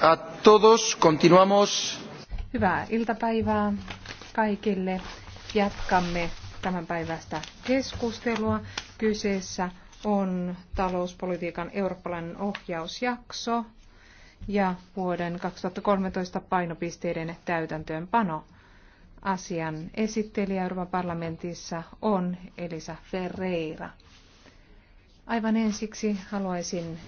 A todos, continuamos. Hyvää iltapäivää kaikille. Jatkamme tämän päivästä keskustelua. Kyseessä on talouspolitiikan eurooppalainen ohjausjakso ja vuoden 2013 painopisteiden täytäntöönpano. Asian esittelijä Euroopan parlamentissa on Elisa Ferreira. Aivan ensiksi haluaisin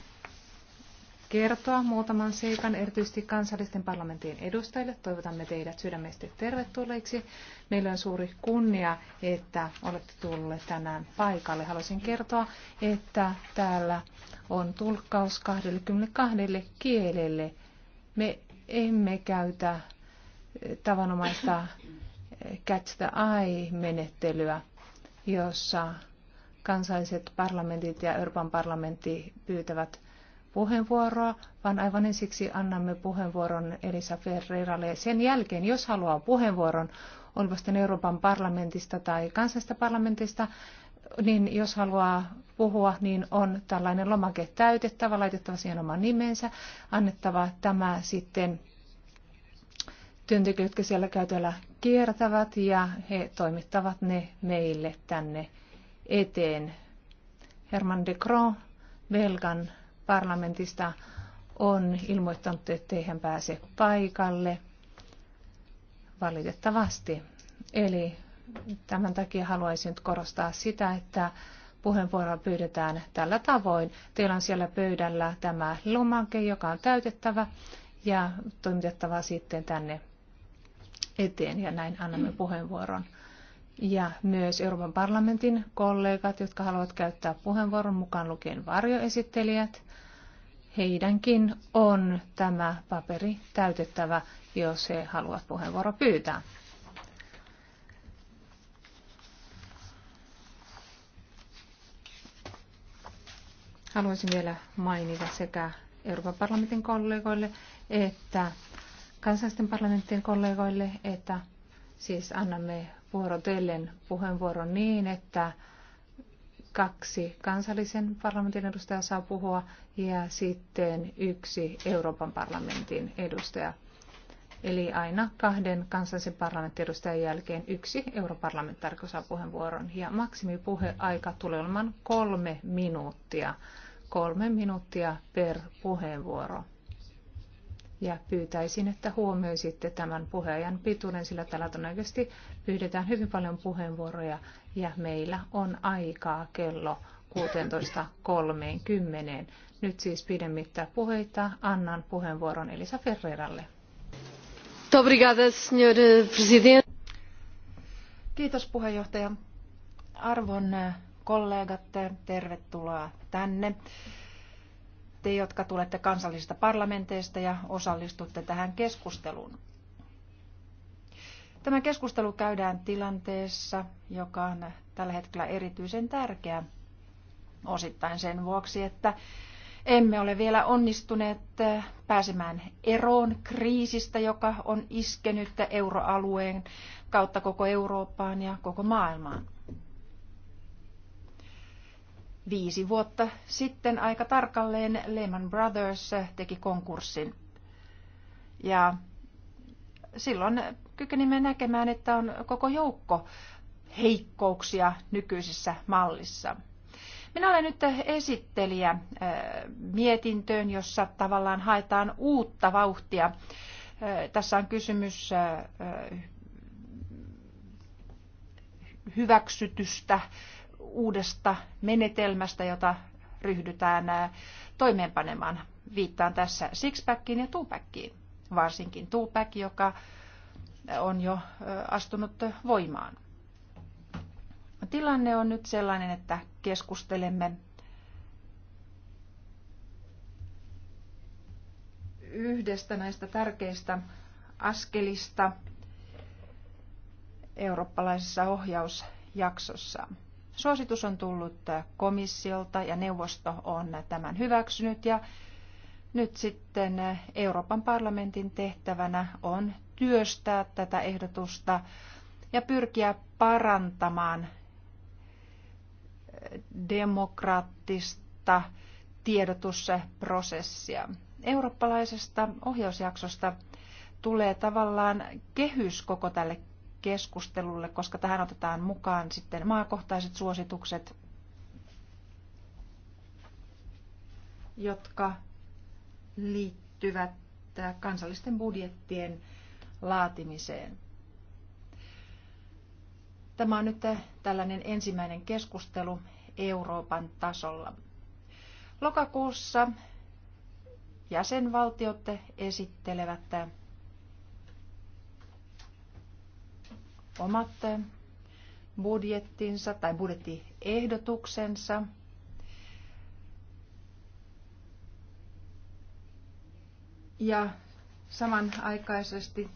kertoa muutaman seikan, erityisesti kansallisten parlamenttien edustajille. Toivotamme teidät sydämesti tervetulleiksi. Meillä on suuri kunnia, että olette tulleet tänään paikalle. Haluaisin kertoa, että täällä on tulkkaus 22 kielelle. Me emme käytä eh, tavanomaista eh, catch the eye-menettelyä, jossa kansalliset parlamentit ja Euroopan parlamentti pyytävät puheenvuoroa, vaan aivan ensiksi annamme puheenvuoron Elisa Ferreiralle. sen jälkeen, jos haluaa puheenvuoron, on sitten Euroopan parlamentista tai kansallisesta parlamentista, niin jos haluaa puhua, niin on tällainen lomake täytettävä, laitettava siihen oman nimensä, annettava tämä sitten työntekijät, jotka siellä käytöllä kiertävät ja he toimittavat ne meille tänne eteen. Herman de Croo, Belgan parlamentista on ilmoittanut, ettei hän pääse paikalle valitettavasti. Eli tämän takia haluaisin nyt korostaa sitä, että puheenvuoroa pyydetään tällä tavoin. Teillä on siellä pöydällä tämä lomake, joka on täytettävä ja toimitettava sitten tänne eteen ja näin annamme puheenvuoron ja myös Euroopan parlamentin kollegat, jotka haluavat käyttää puheenvuoron mukaan lukien varjoesittelijät. Heidänkin on tämä paperi täytettävä, jos he haluavat puheenvuoro pyytää. Haluaisin vielä mainita sekä Euroopan parlamentin kollegoille että kansallisten parlamenttien kollegoille, että siis annamme vuorotellen puheenvuoron niin, että kaksi kansallisen parlamentin edustajaa saa puhua ja sitten yksi Euroopan parlamentin edustaja. Eli aina kahden kansallisen parlamentin edustajan jälkeen yksi europarlamentaarikko saa puheenvuoron. Ja maksimipuheaika tulee olemaan kolme minuuttia. Kolme minuuttia per puheenvuoro ja pyytäisin, että huomioisitte tämän puheajan pituuden, sillä täällä todennäköisesti pyydetään hyvin paljon puheenvuoroja ja meillä on aikaa kello 16.30. Nyt siis pidemmittä puheita annan puheenvuoron Elisa Ferreralle. Kiitos puheenjohtaja. Arvon kollegat, tervetuloa tänne te, jotka tulette kansallisista parlamenteista ja osallistutte tähän keskusteluun. Tämä keskustelu käydään tilanteessa, joka on tällä hetkellä erityisen tärkeä osittain sen vuoksi, että emme ole vielä onnistuneet pääsemään eroon kriisistä, joka on iskenyt euroalueen kautta koko Eurooppaan ja koko maailmaan. Viisi vuotta sitten aika tarkalleen Lehman Brothers teki konkurssin. Ja silloin kykenimme näkemään, että on koko joukko heikkouksia nykyisessä mallissa. Minä olen nyt esittelijä äh, mietintöön, jossa tavallaan haetaan uutta vauhtia. Äh, tässä on kysymys äh, hyväksytystä uudesta menetelmästä, jota ryhdytään toimeenpanemaan. Viittaan tässä sixpackiin ja tuupäkkiin, varsinkin twopack, joka on jo astunut voimaan. Tilanne on nyt sellainen, että keskustelemme yhdestä näistä tärkeistä askelista eurooppalaisessa ohjausjaksossa – Suositus on tullut komissiolta ja neuvosto on tämän hyväksynyt ja nyt sitten Euroopan parlamentin tehtävänä on työstää tätä ehdotusta ja pyrkiä parantamaan eh, demokraattista tiedotusprosessia. Eurooppalaisesta ohjausjaksosta tulee tavallaan kehys koko tälle keskustelulle, koska tähän otetaan mukaan sitten maakohtaiset suositukset, jotka liittyvät kansallisten budjettien laatimiseen. Tämä on nyt tällainen ensimmäinen keskustelu Euroopan tasolla. Lokakuussa jäsenvaltiot esittelevät omat budjettinsa tai budjettiehdotuksensa. Ja samanaikaisesti,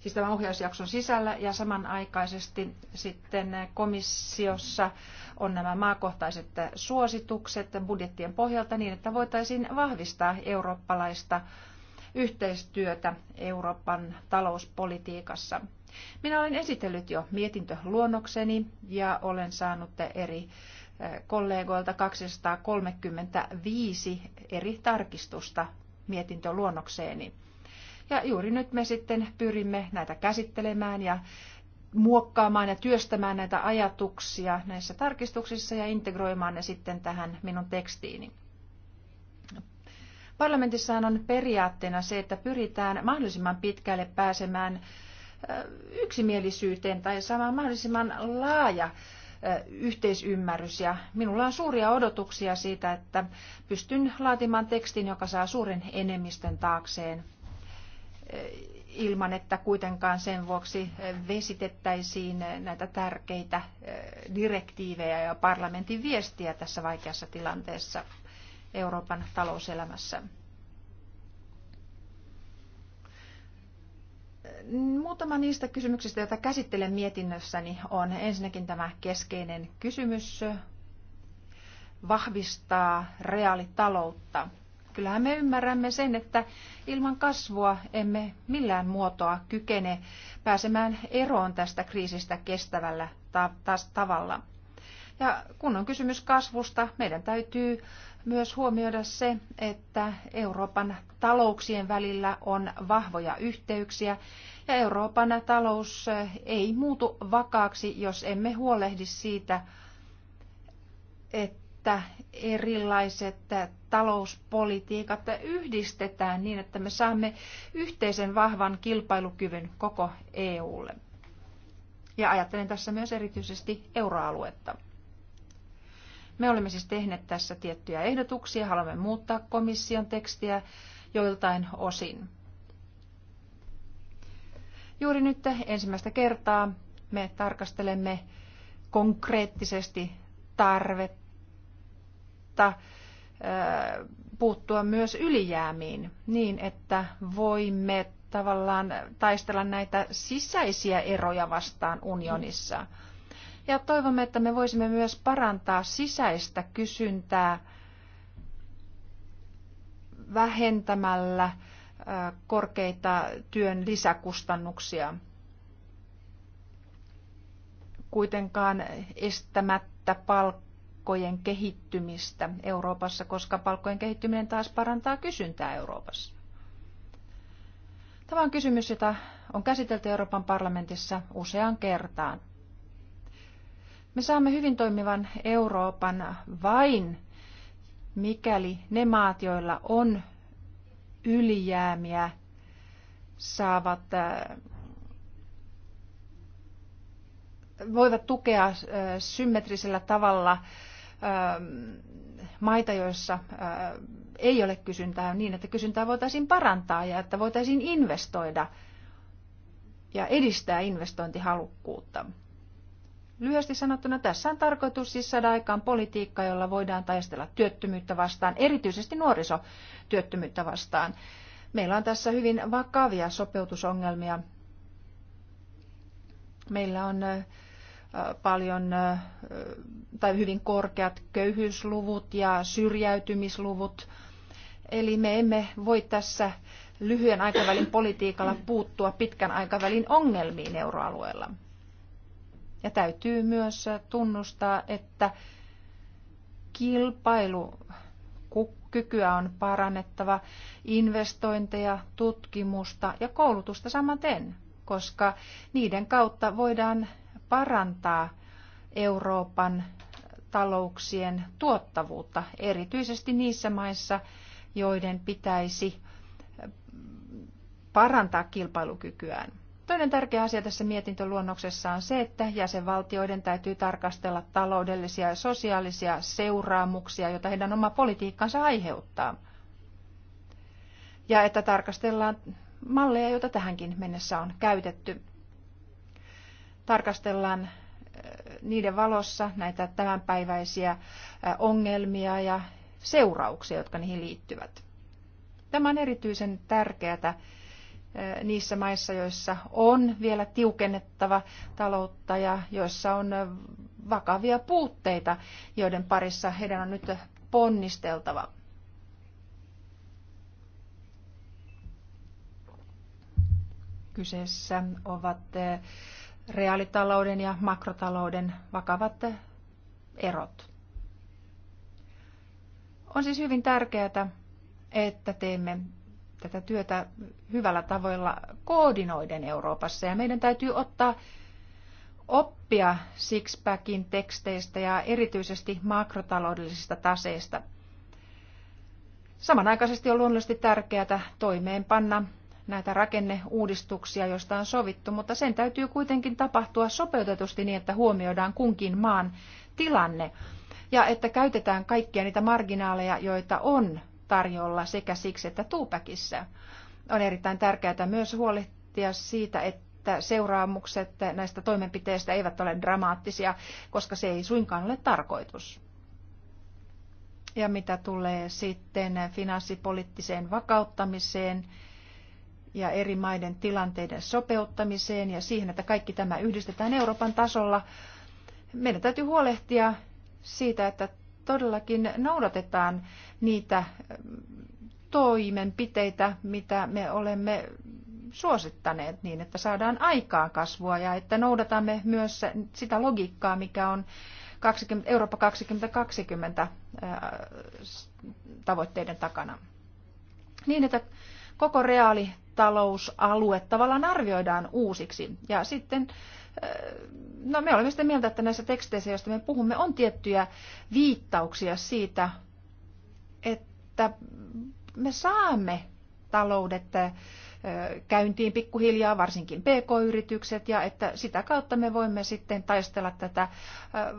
siis tämän ohjausjakson sisällä ja samanaikaisesti sitten komissiossa on nämä maakohtaiset suositukset budjettien pohjalta niin, että voitaisiin vahvistaa eurooppalaista yhteistyötä Euroopan talouspolitiikassa. Minä olen esitellyt jo mietintöluonnokseni ja olen saanut eri eh, kollegoilta 235 eri tarkistusta mietintöluonnokseeni. Ja juuri nyt me sitten pyrimme näitä käsittelemään ja muokkaamaan ja työstämään näitä ajatuksia näissä tarkistuksissa ja integroimaan ne sitten tähän minun tekstiini. Parlamentissa on periaatteena se, että pyritään mahdollisimman pitkälle pääsemään yksimielisyyteen tai saamaan mahdollisimman laaja yhteisymmärrys ja minulla on suuria odotuksia siitä, että pystyn laatimaan tekstin, joka saa suuren enemmistön taakseen ilman, että kuitenkaan sen vuoksi vesitettäisiin näitä tärkeitä direktiivejä ja parlamentin viestiä tässä vaikeassa tilanteessa Euroopan talouselämässä. Muutama niistä kysymyksistä, joita käsittelen mietinnössäni, on ensinnäkin tämä keskeinen kysymys vahvistaa reaalitaloutta. Kyllähän me ymmärrämme sen, että ilman kasvua emme millään muotoa kykene pääsemään eroon tästä kriisistä kestävällä ta- tavalla. Ja kun on kysymys kasvusta, meidän täytyy myös huomioida se, että Euroopan talouksien välillä on vahvoja yhteyksiä ja Euroopan talous ei muutu vakaaksi, jos emme huolehdi siitä, että erilaiset talouspolitiikat yhdistetään niin, että me saamme yhteisen vahvan kilpailukyvyn koko EUlle. Ja ajattelen tässä myös erityisesti euroaluetta. Me olemme siis tehneet tässä tiettyjä ehdotuksia, haluamme muuttaa komission tekstiä joiltain osin. Juuri nyt ensimmäistä kertaa me tarkastelemme konkreettisesti tarvetta puuttua myös ylijäämiin niin, että voimme tavallaan taistella näitä sisäisiä eroja vastaan unionissa. Mm ja toivomme, että me voisimme myös parantaa sisäistä kysyntää vähentämällä korkeita työn lisäkustannuksia kuitenkaan estämättä palkkojen kehittymistä Euroopassa, koska palkkojen kehittyminen taas parantaa kysyntää Euroopassa. Tämä on kysymys, jota on käsitelty Euroopan parlamentissa useaan kertaan. Me saamme hyvin toimivan Euroopan vain, mikäli ne maat, joilla on ylijäämiä, saavat äh, voivat tukea äh, symmetrisellä tavalla ähm, maita, joissa äh, ei ole kysyntää niin, että kysyntää voitaisiin parantaa ja että voitaisiin investoida ja edistää investointihalukkuutta. Lyhyesti sanottuna tässä on tarkoitus siis saada aikaan politiikka, jolla voidaan taistella työttömyyttä vastaan, erityisesti nuorisotyöttömyyttä vastaan. Meillä on tässä hyvin vakavia sopeutusongelmia. Meillä on paljon tai hyvin korkeat köyhyysluvut ja syrjäytymisluvut. Eli me emme voi tässä lyhyen aikavälin politiikalla puuttua pitkän aikavälin ongelmiin euroalueella. Ja täytyy myös tunnustaa, että kilpailukykyä on parannettava, investointeja, tutkimusta ja koulutusta samaten, koska niiden kautta voidaan parantaa Euroopan talouksien tuottavuutta, erityisesti niissä maissa, joiden pitäisi parantaa kilpailukykyään. Toinen tärkeä asia tässä mietintöluonnoksessa on se, että jäsenvaltioiden täytyy tarkastella taloudellisia ja sosiaalisia seuraamuksia, joita heidän oma politiikkansa aiheuttaa. Ja että tarkastellaan malleja, joita tähänkin mennessä on käytetty. Tarkastellaan eh, niiden valossa näitä tämänpäiväisiä eh, ongelmia ja seurauksia, jotka niihin liittyvät. Tämä on erityisen tärkeää niissä maissa, joissa on vielä tiukennettava taloutta ja joissa on vakavia puutteita, joiden parissa heidän on nyt ponnisteltava. Kyseessä ovat reaalitalouden ja makrotalouden vakavat erot. On siis hyvin tärkeää, että teemme tätä työtä hyvällä tavoilla koordinoiden Euroopassa. Ja meidän täytyy ottaa oppia Sixpackin teksteistä ja erityisesti makrotaloudellisista taseista. Samanaikaisesti on luonnollisesti tärkeää toimeenpanna näitä rakenneuudistuksia, joista on sovittu, mutta sen täytyy kuitenkin tapahtua sopeutetusti niin, että huomioidaan kunkin maan tilanne ja että käytetään kaikkia niitä marginaaleja, joita on tarjolla sekä siksi että tuupäkissä. On erittäin tärkeää myös huolehtia siitä, että seuraamukset näistä toimenpiteistä eivät ole dramaattisia, koska se ei suinkaan ole tarkoitus. Ja mitä tulee sitten finanssipoliittiseen vakauttamiseen, ja eri maiden tilanteiden sopeuttamiseen ja siihen, että kaikki tämä yhdistetään Euroopan tasolla. Meidän täytyy huolehtia siitä, että todellakin noudatetaan niitä toimenpiteitä, mitä me olemme suosittaneet niin, että saadaan aikaa kasvua ja että noudatamme myös sitä logiikkaa, mikä on 20, Eurooppa 2020 tavoitteiden takana. Niin, että koko reaalitalousalue tavallaan arvioidaan uusiksi ja sitten no me olemme sitä mieltä, että näissä teksteissä, joista me puhumme, on tiettyjä viittauksia siitä, että me saamme taloudet käyntiin pikkuhiljaa, varsinkin pk-yritykset, ja että sitä kautta me voimme sitten taistella tätä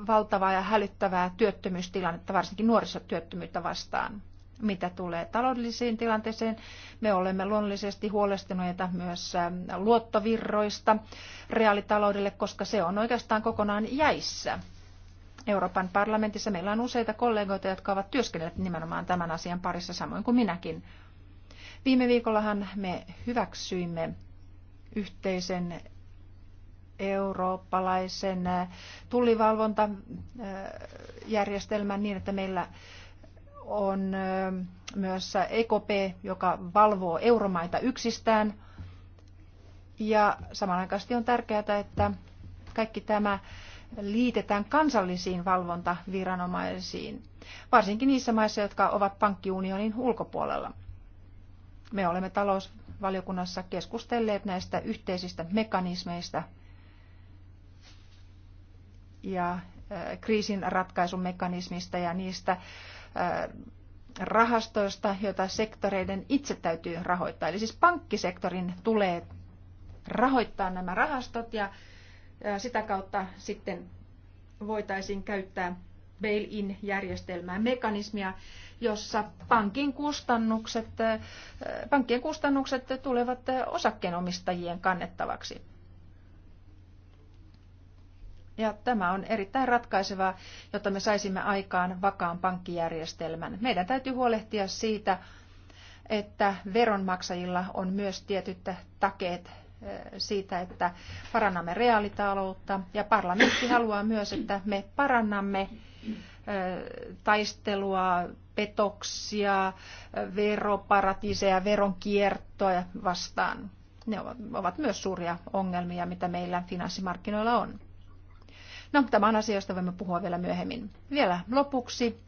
valtavaa ja hälyttävää työttömyystilannetta, varsinkin nuorisotyöttömyyttä vastaan. Mitä tulee taloudellisiin tilanteeseen, me olemme luonnollisesti huolestuneita myös ähm, luottovirroista reaalitaloudelle, koska se on oikeastaan kokonaan jäissä. Euroopan parlamentissa meillä on useita kollegoita, jotka ovat työskennelleet nimenomaan tämän asian parissa, samoin kuin minäkin. Viime viikollahan me hyväksyimme yhteisen eurooppalaisen äh, tullivalvontajärjestelmän niin, että meillä on myös EKP, joka valvoo euromaita yksistään. Ja samanaikaisesti on tärkeää, että kaikki tämä liitetään kansallisiin valvontaviranomaisiin, varsinkin niissä maissa, jotka ovat pankkiunionin ulkopuolella. Me olemme talousvaliokunnassa keskustelleet näistä yhteisistä mekanismeista ja kriisin ratkaisumekanismista ja niistä rahastoista, joita sektoreiden itse täytyy rahoittaa. Eli siis pankkisektorin tulee rahoittaa nämä rahastot ja sitä kautta sitten voitaisiin käyttää bail-in-järjestelmää, mekanismia, jossa pankin kustannukset, pankkien kustannukset tulevat osakkeenomistajien kannettavaksi. Ja tämä on erittäin ratkaisevaa, jotta me saisimme aikaan vakaan pankkijärjestelmän. Meidän täytyy huolehtia siitä, että veronmaksajilla on myös tietyt takeet eh, siitä, että parannamme reaalitaloutta. Ja parlamentti haluaa myös, että me parannamme eh, taistelua, petoksia, eh, veroparatiiseja, veronkiertoa vastaan. Ne ovat myös suuria ongelmia, mitä meillä finanssimarkkinoilla on. No, tämä on asia, josta voimme puhua vielä myöhemmin. Vielä lopuksi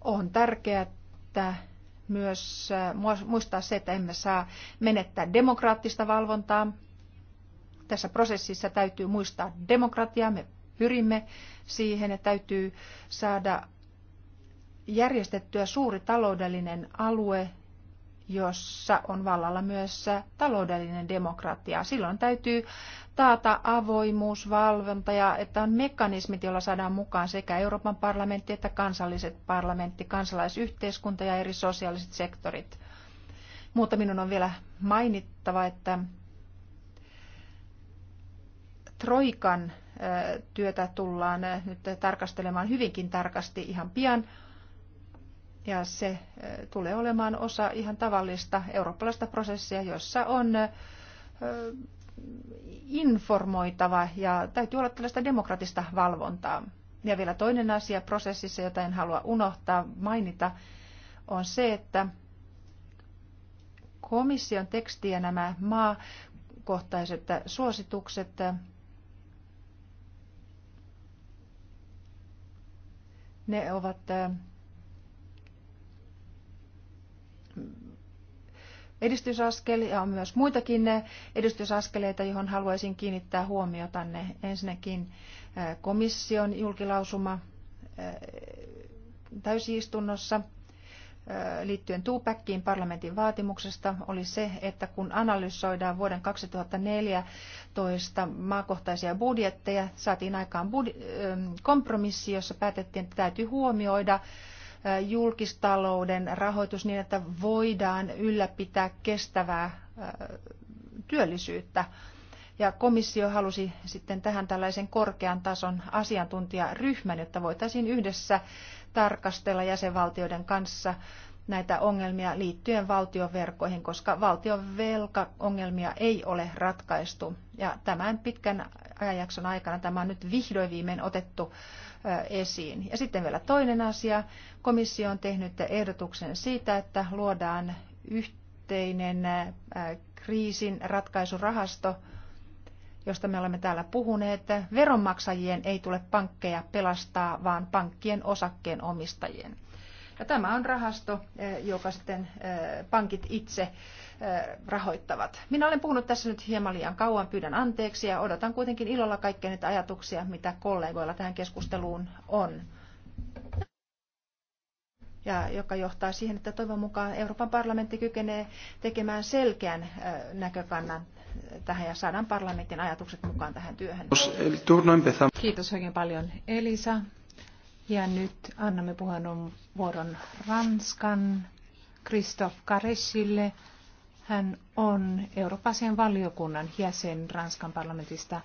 on tärkeää, että myös äh, muistaa se, että emme saa menettää demokraattista valvontaa. Tässä prosessissa täytyy muistaa demokratiaa. Me pyrimme siihen, että täytyy saada järjestettyä suuri taloudellinen alue, jossa on vallalla myös taloudellinen demokratia. Silloin täytyy taata avoimuus, valvonta ja että on mekanismit, joilla saadaan mukaan sekä Euroopan parlamentti että kansalliset parlamentti, kansalaisyhteiskunta ja eri sosiaaliset sektorit. Mutta minun on vielä mainittava, että Troikan työtä tullaan nyt tarkastelemaan hyvinkin tarkasti ihan pian. Ja se eh, tulee olemaan osa ihan tavallista eurooppalaista prosessia, jossa on eh, informoitava ja täytyy olla tällaista demokratista valvontaa. Ja vielä toinen asia prosessissa, jota en halua unohtaa mainita, on se, että komission teksti ja nämä maakohtaiset suositukset ne ovat eh, Edistysaskel ja on myös muitakin edistysaskeleita, johon haluaisin kiinnittää tänne Ensinnäkin komission julkilausuma täysistunnossa liittyen tuupäkkiin parlamentin vaatimuksesta oli se, että kun analysoidaan vuoden 2014 maakohtaisia budjetteja, saatiin aikaan kompromissi, jossa päätettiin, että täytyy huomioida julkistalouden rahoitus niin, että voidaan ylläpitää kestävää työllisyyttä. Ja komissio halusi sitten tähän tällaisen korkean tason asiantuntijaryhmän, jotta voitaisiin yhdessä tarkastella jäsenvaltioiden kanssa näitä ongelmia liittyen valtioverkkoihin, koska valtion velkaongelmia ei ole ratkaistu. Ja tämän pitkän ajanjakson aikana. Tämä on nyt vihdoin viimein otettu esiin. Ja sitten vielä toinen asia. Komissio on tehnyt ehdotuksen siitä, että luodaan yhteinen kriisin ratkaisurahasto, josta me olemme täällä puhuneet. Veronmaksajien ei tule pankkeja pelastaa, vaan pankkien osakkeen omistajien. Ja tämä on rahasto, joka sitten pankit itse rahoittavat. Minä olen puhunut tässä nyt hieman liian kauan, pyydän anteeksi ja odotan kuitenkin ilolla kaikkia niitä ajatuksia, mitä kollegoilla tähän keskusteluun on. Ja joka johtaa siihen, että toivon mukaan Euroopan parlamentti kykenee tekemään selkeän näkökannan tähän ja saadaan parlamentin ajatukset mukaan tähän työhön. Kiitos oikein paljon Elisa. Ja nyt annamme puheenvuoron Ranskan Christophe Karesille. Hän on Euroopan valiokunnan jäsen Ranskan parlamentista.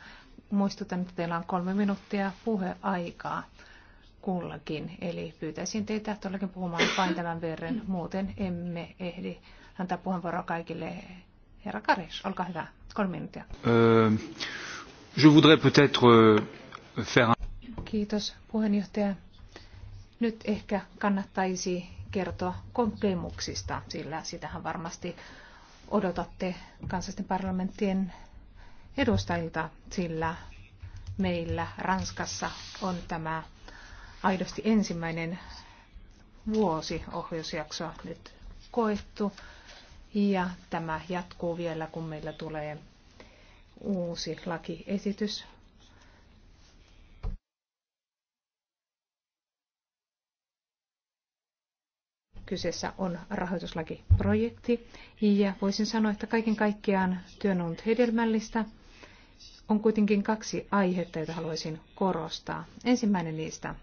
Muistutan, että teillä on kolme minuuttia puheaikaa kullakin. Eli pyytäisin teitä todellakin puhumaan vain tämän verran. Muuten emme ehdi antaa puheenvuoroa kaikille. Herra Karis, olkaa hyvä. Kolme minuuttia. Euh, je voudrais peut-être euh, faire Kiitos puheenjohtaja. Nyt ehkä kannattaisi kertoa kokemuksista, sillä sitähän varmasti odotatte kansallisten parlamenttien edustajilta, sillä meillä Ranskassa on tämä aidosti ensimmäinen vuosi ohjausjaksoa nyt koettu. Ja tämä jatkuu vielä, kun meillä tulee uusi lakiesitys Kyseessä on rahoituslakiprojekti ja voisin sanoa, että kaiken kaikkiaan työ on ollut hedelmällistä. On kuitenkin kaksi aihetta, joita haluaisin korostaa. Ensimmäinen niistä.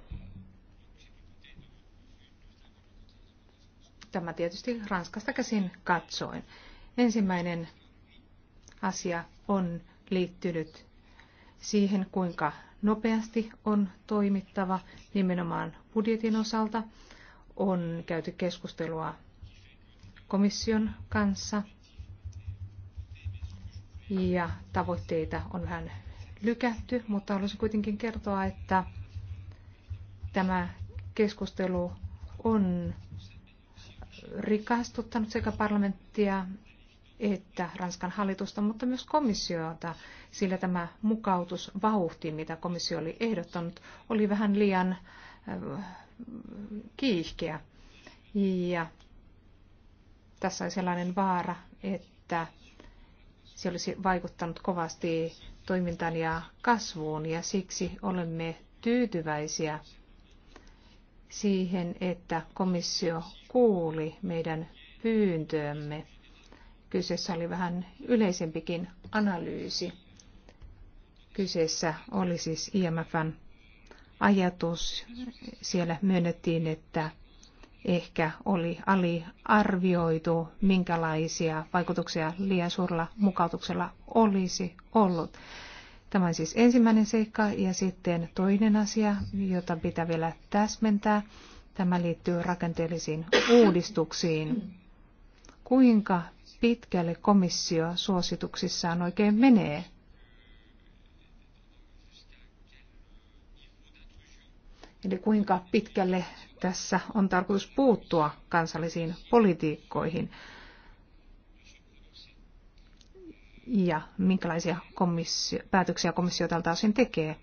Tämä tietysti Ranskasta käsin katsoen. Ensimmäinen asia on liittynyt siihen, kuinka nopeasti on toimittava nimenomaan budjetin osalta on käyty keskustelua komission kanssa ja tavoitteita on vähän lykätty, mutta haluaisin kuitenkin kertoa, että tämä keskustelu on rikastuttanut sekä parlamenttia että Ranskan hallitusta, mutta myös komissiota, sillä tämä mukautus vauhti, mitä komissio oli ehdottanut, oli vähän liian äh, kiihkeä. Ja tässä on sellainen vaara, että se olisi vaikuttanut kovasti toimintaan ja kasvuun ja siksi olemme tyytyväisiä siihen, että komissio kuuli meidän pyyntöömme. Kyseessä oli vähän yleisempikin analyysi. Kyseessä oli siis IMFn ajatus. Siellä myönnettiin, että ehkä oli aliarvioitu, minkälaisia vaikutuksia liian suurella mukautuksella olisi ollut. Tämä on siis ensimmäinen seikka ja sitten toinen asia, jota pitää vielä täsmentää. Tämä liittyy rakenteellisiin uudistuksiin. Kuinka pitkälle komissio suosituksissaan oikein menee? Eli kuinka pitkälle tässä on tarkoitus puuttua kansallisiin politiikkoihin ja minkälaisia komissio, päätöksiä komissio tältä osin tekee.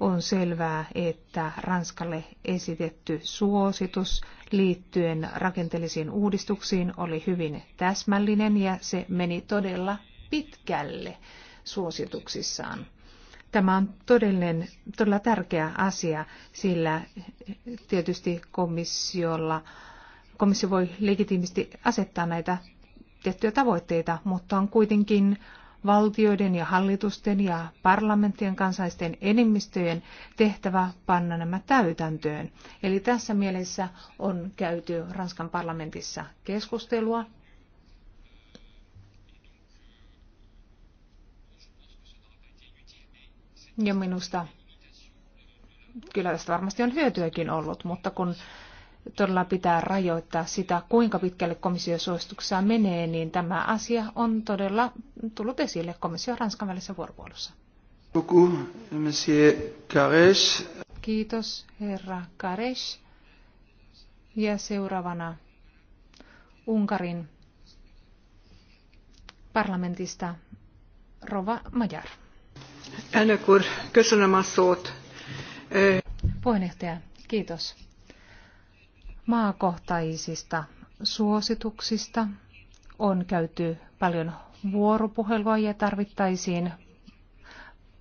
On selvää, että Ranskalle esitetty suositus liittyen rakenteellisiin uudistuksiin oli hyvin täsmällinen ja se meni todella pitkälle suosituksissaan. Tämä on todellinen, todella tärkeä asia, sillä tietysti komissiolla, komissio voi legitiimisti asettaa näitä tiettyjä tavoitteita, mutta on kuitenkin valtioiden ja hallitusten ja parlamenttien kansaisten enemmistöjen tehtävä panna nämä täytäntöön. Eli tässä mielessä on käyty Ranskan parlamentissa keskustelua Ja minusta kyllä tästä varmasti on hyötyäkin ollut, mutta kun todella pitää rajoittaa sitä, kuinka pitkälle komission suosituksessa menee, niin tämä asia on todella tullut esille komission Ranskan välisessä vuoropuolussa. Kiitos, herra Kares. Ja seuraavana Unkarin parlamentista Rova Majar. Elnök Puheenjohtaja, kiitos. Maakohtaisista suosituksista on käyty paljon vuoropuhelua ja tarvittaisiin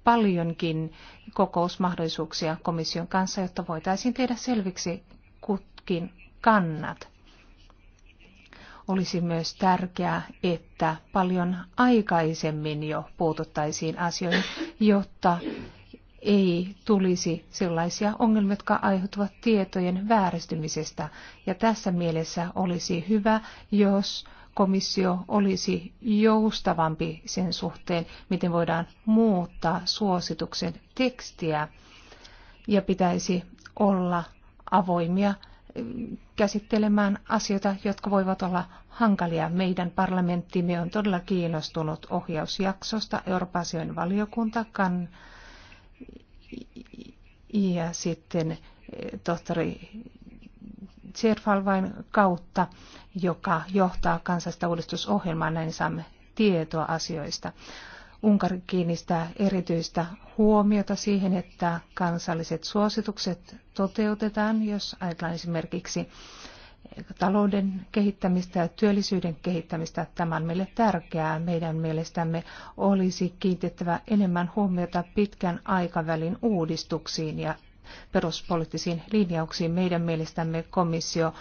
paljonkin kokousmahdollisuuksia komission kanssa, jotta voitaisiin tehdä selviksi kutkin kannat. Olisi myös tärkeää, että paljon aikaisemmin jo puututtaisiin asioihin jotta ei tulisi sellaisia ongelmia, jotka aiheutuvat tietojen vääristymisestä. Ja tässä mielessä olisi hyvä, jos komissio olisi joustavampi sen suhteen, miten voidaan muuttaa suosituksen tekstiä ja pitäisi olla avoimia käsittelemään asioita, jotka voivat olla hankalia. Meidän parlamenttimme on todella kiinnostunut ohjausjaksosta. Euroopan asioiden valiokunta ja sitten eh, tohtori Tserfalvain kautta, joka johtaa kansallista uudistusohjelmaa, näin saamme tietoa asioista. Unkari kiinnistää erityistä huomiota siihen, että kansalliset suositukset toteutetaan, jos ajatellaan esimerkiksi talouden kehittämistä ja työllisyyden kehittämistä. Tämä on meille tärkeää. Meidän mielestämme olisi kiinnitettävä enemmän huomiota pitkän aikavälin uudistuksiin ja peruspoliittisiin linjauksiin. Meidän mielestämme komissio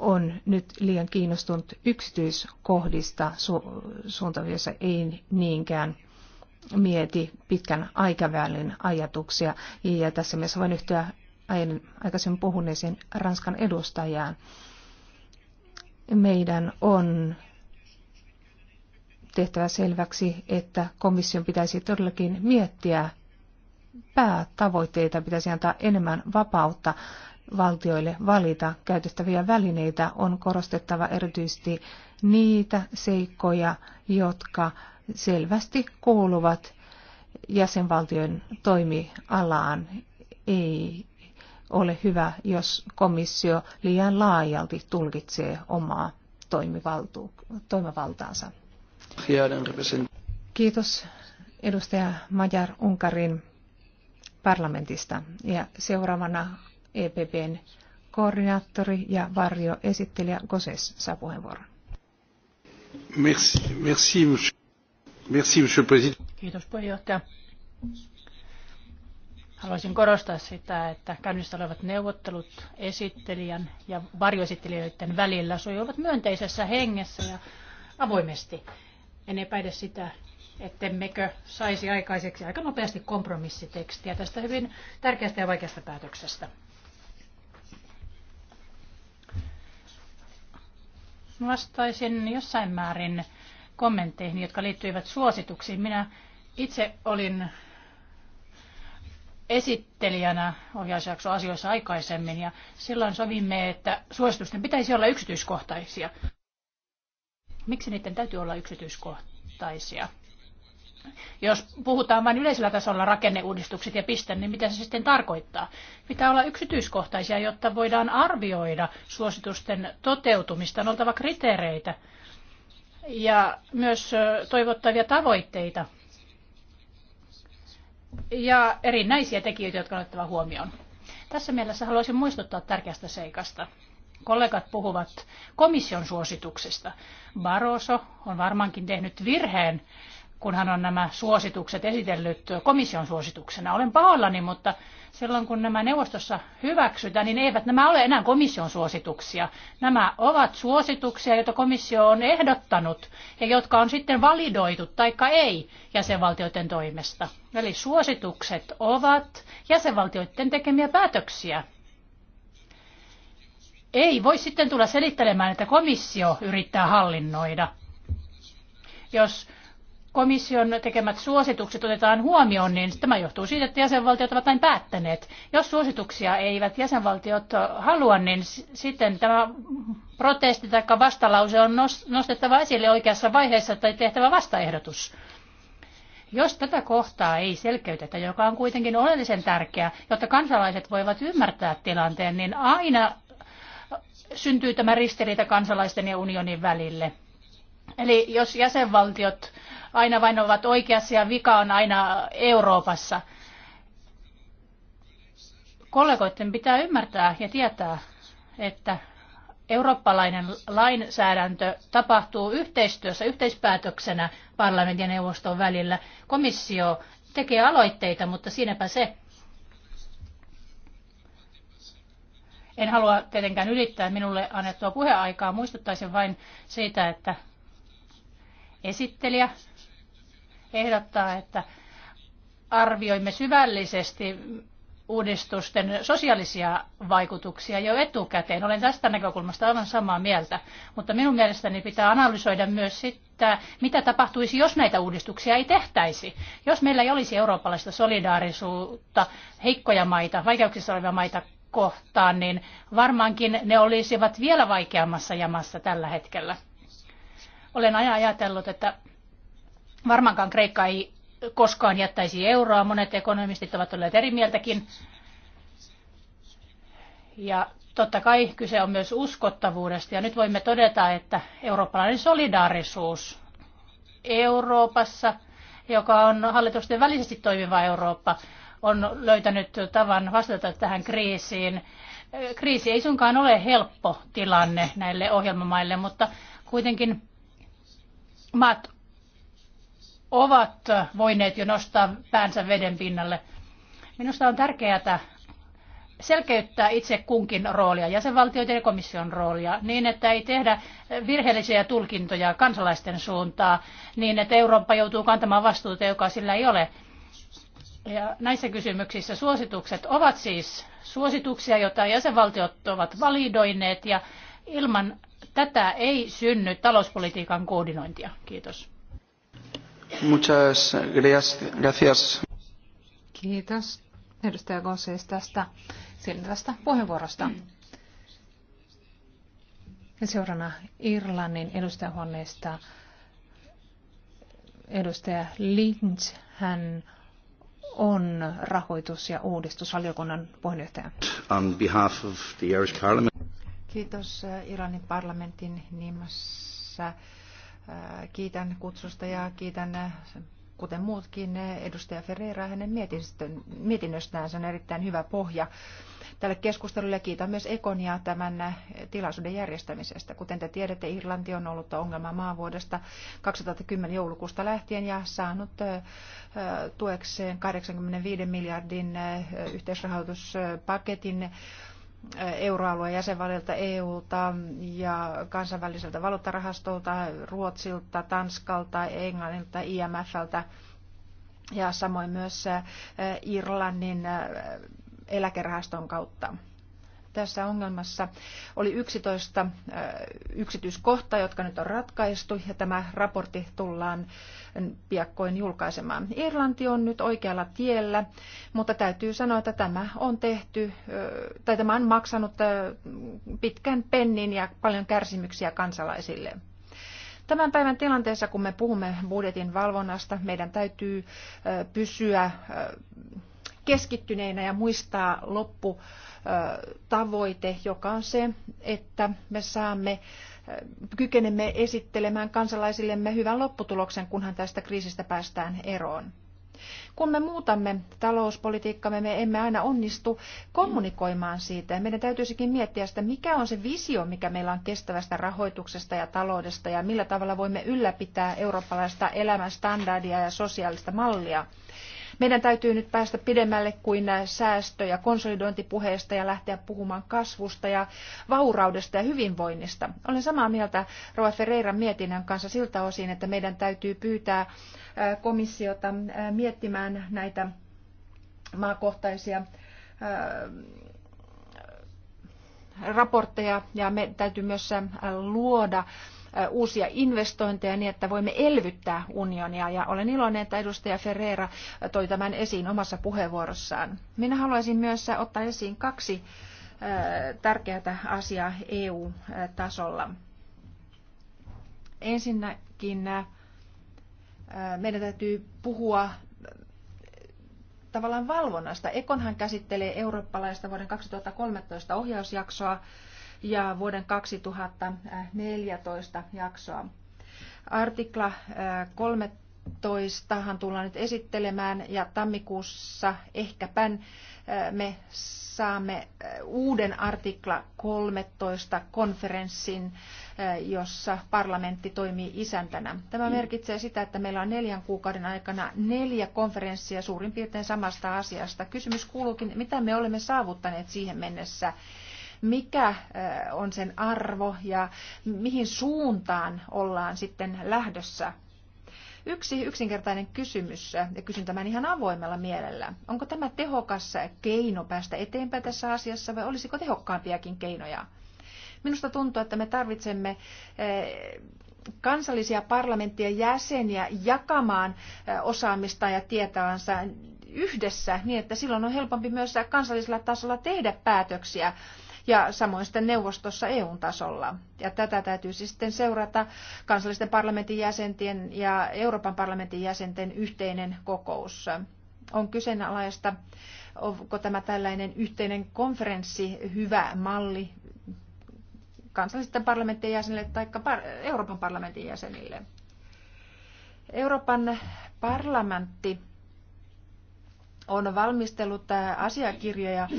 on nyt liian kiinnostunut yksityiskohdista su- suuntaviossa, ei niinkään mieti pitkän aikavälin ajatuksia. Ja tässä mielessä voin yhtyä aikaisemmin puhuneeseen Ranskan edustajaan. Meidän on tehtävä selväksi, että komission pitäisi todellakin miettiä päätavoitteita, pitäisi antaa enemmän vapautta valtioille valita käytettäviä välineitä, on korostettava erityisesti niitä seikkoja, jotka selvästi kuuluvat jäsenvaltion toimialaan. Ei ole hyvä, jos komissio liian laajalti tulkitsee omaa toimivaltaansa. Kiitos edustaja Majar Unkarin parlamentista. Ja seuraavana EPPn koordinaattori ja varjoesittelijä Goses saa puheenvuoron. Merci, merci, merci, monsieur president. Kiitos puheenjohtaja. Haluaisin korostaa sitä, että käynnissä olevat neuvottelut esittelijän ja varjoesittelijöiden välillä sujuvat myönteisessä hengessä ja avoimesti. En epäile sitä, ettemmekö saisi aikaiseksi aika nopeasti kompromissitekstiä tästä hyvin tärkeästä ja vaikeasta päätöksestä. vastaisin jossain määrin kommentteihin, jotka liittyivät suosituksiin. Minä itse olin esittelijänä asioissa aikaisemmin ja silloin sovimme, että suositusten pitäisi olla yksityiskohtaisia. Miksi niiden täytyy olla yksityiskohtaisia? Jos puhutaan vain yleisellä tasolla rakenneuudistukset ja piste, niin mitä se sitten tarkoittaa? Pitää olla yksityiskohtaisia, jotta voidaan arvioida suositusten toteutumista. On oltava kriteereitä ja myös toivottavia tavoitteita ja erinäisiä tekijöitä, jotka on otettava huomioon. Tässä mielessä haluaisin muistuttaa tärkeästä seikasta. Kollegat puhuvat komission suosituksesta. Baroso on varmaankin tehnyt virheen kun hän on nämä suositukset esitellyt komission suosituksena. Olen pahoillani, mutta silloin kun nämä neuvostossa hyväksytään, niin eivät nämä ole enää komission suosituksia. Nämä ovat suosituksia, joita komissio on ehdottanut ja jotka on sitten validoitu tai ei jäsenvaltioiden toimesta. Eli suositukset ovat jäsenvaltioiden tekemiä päätöksiä. Ei voi sitten tulla selittelemään, että komissio yrittää hallinnoida. Jos komission tekemät suositukset otetaan huomioon, niin tämä johtuu siitä, että jäsenvaltiot ovat näin päättäneet. Jos suosituksia eivät jäsenvaltiot halua, niin sitten tämä protesti tai vastalause on nostettava esille oikeassa vaiheessa tai tehtävä vastaehdotus. Jos tätä kohtaa ei selkeytetä, joka on kuitenkin oleellisen tärkeä, jotta kansalaiset voivat ymmärtää tilanteen, niin aina syntyy tämä ristiriita kansalaisten ja unionin välille. Eli jos jäsenvaltiot aina vain ovat oikeassa ja vika on aina Euroopassa, kollegoiden pitää ymmärtää ja tietää, että eurooppalainen lainsäädäntö tapahtuu yhteistyössä, yhteispäätöksenä parlamentin ja neuvoston välillä. Komissio tekee aloitteita, mutta siinäpä se. En halua tietenkään ylittää minulle annettua puheaikaa. Muistuttaisin vain siitä, että Esittelijä ehdottaa, että arvioimme syvällisesti uudistusten sosiaalisia vaikutuksia jo etukäteen. Olen tästä näkökulmasta aivan samaa mieltä, mutta minun mielestäni pitää analysoida myös sitä, mitä tapahtuisi, jos näitä uudistuksia ei tehtäisi. Jos meillä ei olisi eurooppalaista solidaarisuutta heikkoja maita, vaikeuksissa olevia maita kohtaan, niin varmaankin ne olisivat vielä vaikeammassa jamassa tällä hetkellä. Olen aina ajatellut, että varmaankaan Kreikka ei koskaan jättäisi euroa. Monet ekonomistit ovat olleet eri mieltäkin. Ja totta kai kyse on myös uskottavuudesta. Ja nyt voimme todeta, että eurooppalainen solidaarisuus Euroopassa, joka on hallitusten välisesti toimiva Eurooppa, on löytänyt tavan vastata tähän kriisiin. Kriisi ei suinkaan ole helppo tilanne näille ohjelmamaille, mutta kuitenkin maat ovat voineet jo nostaa päänsä veden pinnalle. Minusta on tärkeää selkeyttää itse kunkin roolia, jäsenvaltioiden ja komission roolia, niin että ei tehdä virheellisiä tulkintoja kansalaisten suuntaa, niin että Eurooppa joutuu kantamaan vastuuta, joka sillä ei ole. Ja näissä kysymyksissä suositukset ovat siis suosituksia, joita jäsenvaltiot ovat validoineet ja Ilman tätä ei synny talouspolitiikan koordinointia. Kiitos. Muchas gracias. Kiitos edustaja Gosses tästä siltästä puheenvuorosta. Ja seurana Irlannin edustajahuoneesta edustaja Lynch, hän on rahoitus- ja uudistusvaliokunnan puheenjohtaja. On behalf of the Irish Parliament. Kiitos äh, Iranin parlamentin nimissä. Äh, kiitän kutsusta ja kiitän, äh, kuten muutkin, edustaja Ferreira hänen mietinnöstään. Se on erittäin hyvä pohja tälle keskustelulle. Kiitän myös Ekonia tämän tilaisuuden järjestämisestä. Kuten te tiedätte, Irlanti on ollut ongelma maavuodesta 2010 joulukuusta lähtien ja saanut tuekseen 85 miljardin yhteisrahoituspaketin euroalueen jäsenvalilta, EUlta ja kansainväliseltä valuuttarahastolta, Ruotsilta, Tanskalta, Englannilta, IMFltä ja samoin myös Irlannin eläkerahaston kautta tässä ongelmassa oli 11 äh, yksityiskohtaa, jotka nyt on ratkaistu, ja tämä raportti tullaan piakkoin julkaisemaan. Irlanti on nyt oikealla tiellä, mutta täytyy sanoa, että tämä on tehty, äh, tai tämä on maksanut äh, pitkän pennin ja paljon kärsimyksiä kansalaisille. Tämän päivän tilanteessa, kun me puhumme budjetin valvonnasta, meidän täytyy pysyä keskittyneinä ja muistaa lopputavoite, joka on se, että me saamme kykenemme esittelemään kansalaisillemme hyvän lopputuloksen, kunhan tästä kriisistä päästään eroon. Kun me muutamme talouspolitiikkamme, me emme aina onnistu kommunikoimaan siitä. meidän täytyisikin miettiä sitä, mikä on se visio, mikä meillä on kestävästä rahoituksesta ja taloudesta ja millä tavalla voimme ylläpitää eurooppalaista elämänstandardia ja sosiaalista mallia. Meidän täytyy nyt päästä pidemmälle kuin säästö- ja konsolidointipuheesta ja lähteä puhumaan kasvusta ja vauraudesta ja hyvinvoinnista. Olen samaa mieltä Roa Ferreiran mietinnän kanssa siltä osin, että meidän täytyy pyytää komissiota miettimään näitä maakohtaisia raportteja ja me täytyy myös luoda uusia investointeja niin, että voimme elvyttää unionia. Ja olen iloinen, että edustaja Ferreira toi tämän esiin omassa puheenvuorossaan. Minä haluaisin myös ottaa esiin kaksi tärkeää asiaa EU-tasolla. Ensinnäkin meidän täytyy puhua tavallaan valvonnasta. Ekonhan käsittelee eurooppalaista vuoden 2013 ohjausjaksoa ja vuoden 2014 jaksoa. Artikla 13 äh, tullaan nyt esittelemään ja tammikuussa ehkäpä äh, me saamme äh, uuden artikla 13 konferenssin, jossa parlamentti toimii isäntänä. Tämä mm. merkitsee sitä, että meillä on neljän kuukauden aikana neljä konferenssia suurin piirtein samasta asiasta. Kysymys kuuluukin, mitä me olemme saavuttaneet siihen mennessä mikä eh, on sen arvo ja mihin suuntaan ollaan sitten lähdössä. Yksi yksinkertainen kysymys, eh, ja kysyn tämän ihan avoimella mielellä. Onko tämä tehokas keino päästä eteenpäin tässä asiassa vai olisiko tehokkaampiakin keinoja? Minusta tuntuu, että me tarvitsemme eh, kansallisia parlamenttien jäseniä jakamaan osaamista ja tietoansa yhdessä niin, että silloin on helpompi myös kansallisella tasolla tehdä päätöksiä ja samoin sitten neuvostossa EUn tasolla. Ja tätä täytyy siis sitten seurata kansallisten parlamentin jäsenten ja Euroopan parlamentin jäsenten yhteinen kokous. On kyseenalaista, onko tämä tällainen yhteinen konferenssi hyvä malli kansallisten parlamenttien jäsenille tai Euroopan parlamentin jäsenille. Euroopan parlamentti on valmistellut äh, asiakirjoja äh,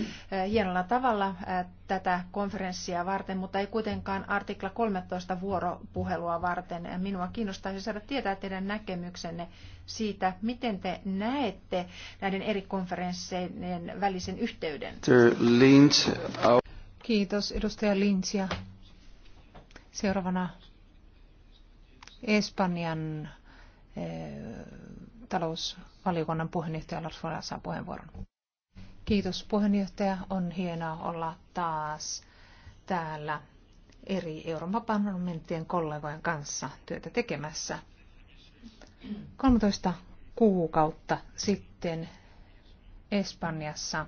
hienolla tavalla äh, tätä konferenssia varten, mutta ei kuitenkaan artikla 13 vuoropuhelua varten. Minua kiinnostaisi saada tietää teidän näkemyksenne siitä, miten te näette näiden eri konferenssien välisen yhteyden. Kiitos edustaja Lintsia seuraavana Espanjan eh, talousvaliokunnan puheenjohtaja Lars Vora saa puheenvuoron. Kiitos puheenjohtaja. On hienoa olla taas täällä eri Euroopan parlamenttien kollegojen kanssa työtä tekemässä. 13 kuukautta sitten Espanjassa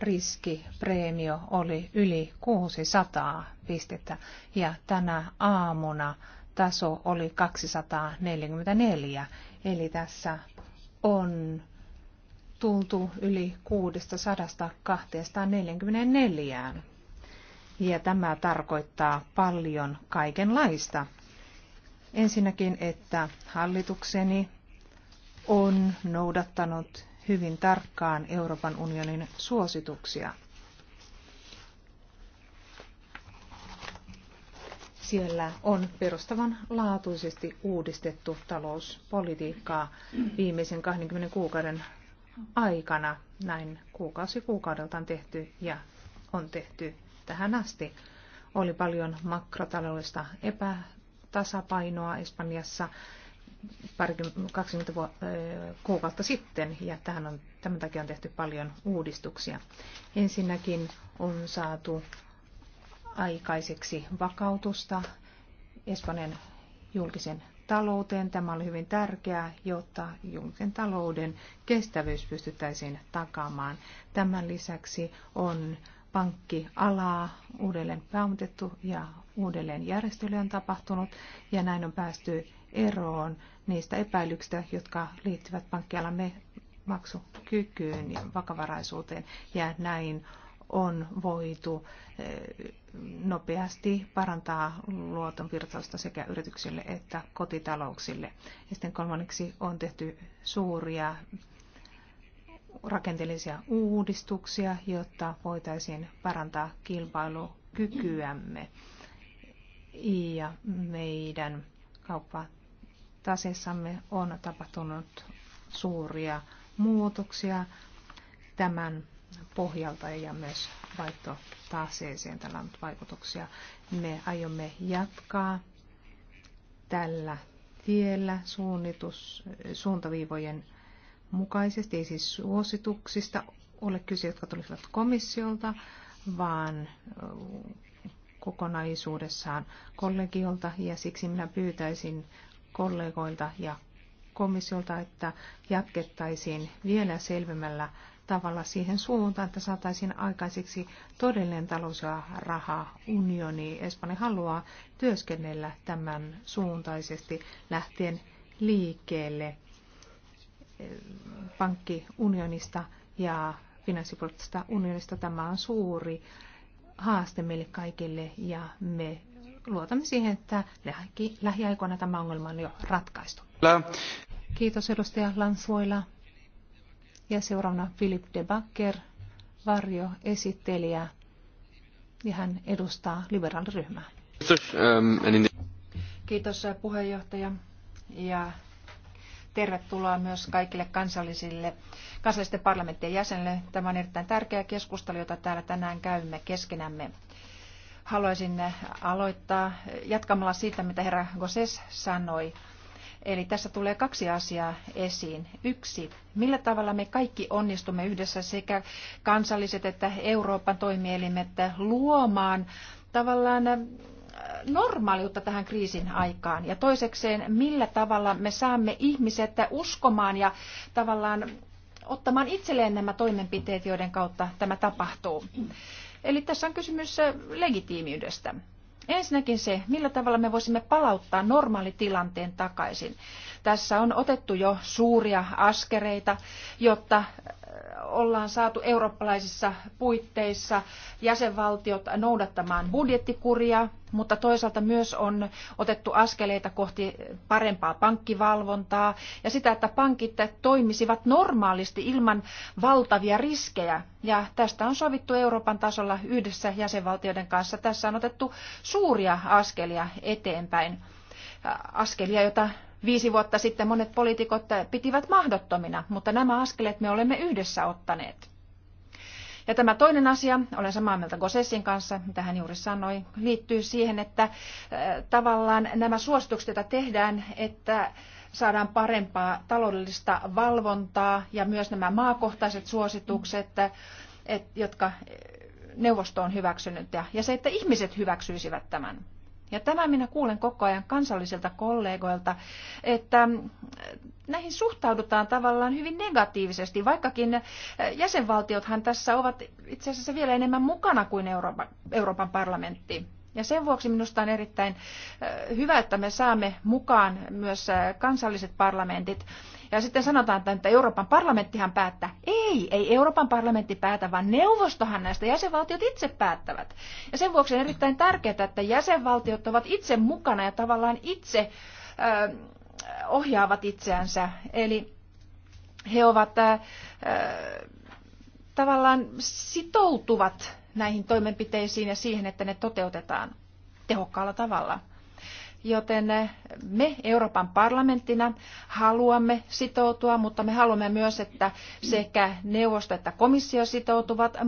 riskipreemio oli yli 600 pistettä ja tänä aamuna taso oli 244. Eli tässä on tultu yli 600 Ja tämä tarkoittaa paljon kaikenlaista. Ensinnäkin, että hallitukseni on noudattanut hyvin tarkkaan Euroopan unionin suosituksia. Siellä on perustavanlaatuisesti uudistettu talouspolitiikkaa viimeisen 20 kuukauden aikana. Näin kuukausi kuukaudelta on tehty ja on tehty tähän asti. Oli paljon makrotaloudellista epätasapainoa Espanjassa parikin, 20 kuukautta sitten ja tähän on, tämän takia on tehty paljon uudistuksia. Ensinnäkin on saatu aikaiseksi vakautusta Espanjan julkisen talouteen. Tämä oli hyvin tärkeää, jotta julkisen talouden kestävyys pystyttäisiin takaamaan. Tämän lisäksi on pankkialaa uudelleen pääomitettu ja uudelleen järjestely on tapahtunut ja näin on päästy eroon niistä epäilyksistä, jotka liittyvät pankkialamme maksukykyyn ja vakavaraisuuteen ja näin on voitu eh, nopeasti parantaa luotonvirtausta sekä yrityksille että kotitalouksille. Ja sitten kolmanneksi on tehty suuria rakenteellisia uudistuksia, jotta voitaisiin parantaa kilpailukykyämme. Ja meidän kauppataseessamme on tapahtunut suuria muutoksia tämän pohjalta ja myös vaihto taaseeseen tällä on vaikutuksia. Me aiomme jatkaa tällä tiellä suunnitus, suuntaviivojen mukaisesti, ei siis suosituksista ole kyse, jotka tulisivat komissiolta, vaan kokonaisuudessaan kollegiolta ja siksi minä pyytäisin kollegoilta ja komissiolta, että jatkettaisiin vielä selvemmällä tavalla siihen suuntaan, että saataisiin aikaiseksi todellinen talous- ja rahaunioni. Espanja haluaa työskennellä tämän suuntaisesti lähtien liikkeelle pankkiunionista ja finanssipoliittisesta unionista. Tämä on suuri haaste meille kaikille ja me luotamme siihen, että lähiaikoina tämä ongelma on jo ratkaistu. Kiitos edustaja Lansuola. Ja seuraavana Philip de Backer, varjo esittelijä, ja hän edustaa liberaaliryhmää. Kiitos äh, puheenjohtaja ja tervetuloa myös kaikille kansallisille, kansallisten parlamenttien jäsenille. Tämä on erittäin tärkeä keskustelu, jota täällä tänään käymme keskenämme. Haluaisin äh, aloittaa äh, jatkamalla siitä, mitä herra Goses sanoi Eli tässä tulee kaksi asiaa esiin. Yksi, millä tavalla me kaikki onnistumme yhdessä sekä kansalliset että Euroopan toimielimet luomaan tavallaan äh, normaaliutta tähän kriisin aikaan. Ja toisekseen, millä tavalla me saamme ihmiset uskomaan ja tavallaan ottamaan itselleen nämä toimenpiteet, joiden kautta tämä tapahtuu. Eli tässä on kysymys äh, legitiimiydestä. Ensinnäkin se, millä tavalla me voisimme palauttaa normaalitilanteen takaisin. Tässä on otettu jo suuria askereita, jotta ollaan saatu eurooppalaisissa puitteissa jäsenvaltiot noudattamaan budjettikuria, mutta toisaalta myös on otettu askeleita kohti parempaa pankkivalvontaa ja sitä, että pankit toimisivat normaalisti ilman valtavia riskejä. Ja tästä on sovittu Euroopan tasolla yhdessä jäsenvaltioiden kanssa. Tässä on otettu suuria askelia eteenpäin, askelia, joita viisi vuotta sitten monet poliitikot pitivät mahdottomina, mutta nämä askeleet me olemme yhdessä ottaneet. Ja tämä toinen asia, olen samaa mieltä Gosessin kanssa, mitä hän juuri sanoi, liittyy siihen, että äh, tavallaan nämä suositukset, joita tehdään, että saadaan parempaa taloudellista valvontaa ja myös nämä maakohtaiset suositukset, jotka neuvosto on hyväksynyt ja, ja se, että ihmiset hyväksyisivät tämän. Ja tämä minä kuulen koko ajan kansallisilta kollegoilta, että mm, näihin suhtaudutaan tavallaan hyvin negatiivisesti, vaikkakin mm, jäsenvaltiothan tässä ovat itse asiassa vielä enemmän mukana kuin Euroopan, Euroopan parlamentti. Ja sen vuoksi minusta on erittäin mm, hyvä, että me saamme mukaan myös kansalliset parlamentit ja sitten sanotaan, että Euroopan parlamenttihan päättää. Ei, ei Euroopan parlamentti päätä, vaan neuvostohan näistä jäsenvaltiot itse päättävät. Ja sen vuoksi on erittäin tärkeää, että jäsenvaltiot ovat itse mukana ja tavallaan itse ö, ohjaavat itseänsä. Eli he ovat ö, tavallaan sitoutuvat näihin toimenpiteisiin ja siihen, että ne toteutetaan tehokkaalla tavalla. Joten me Euroopan parlamenttina haluamme sitoutua, mutta me haluamme myös, että sekä neuvosto että komissio sitoutuvat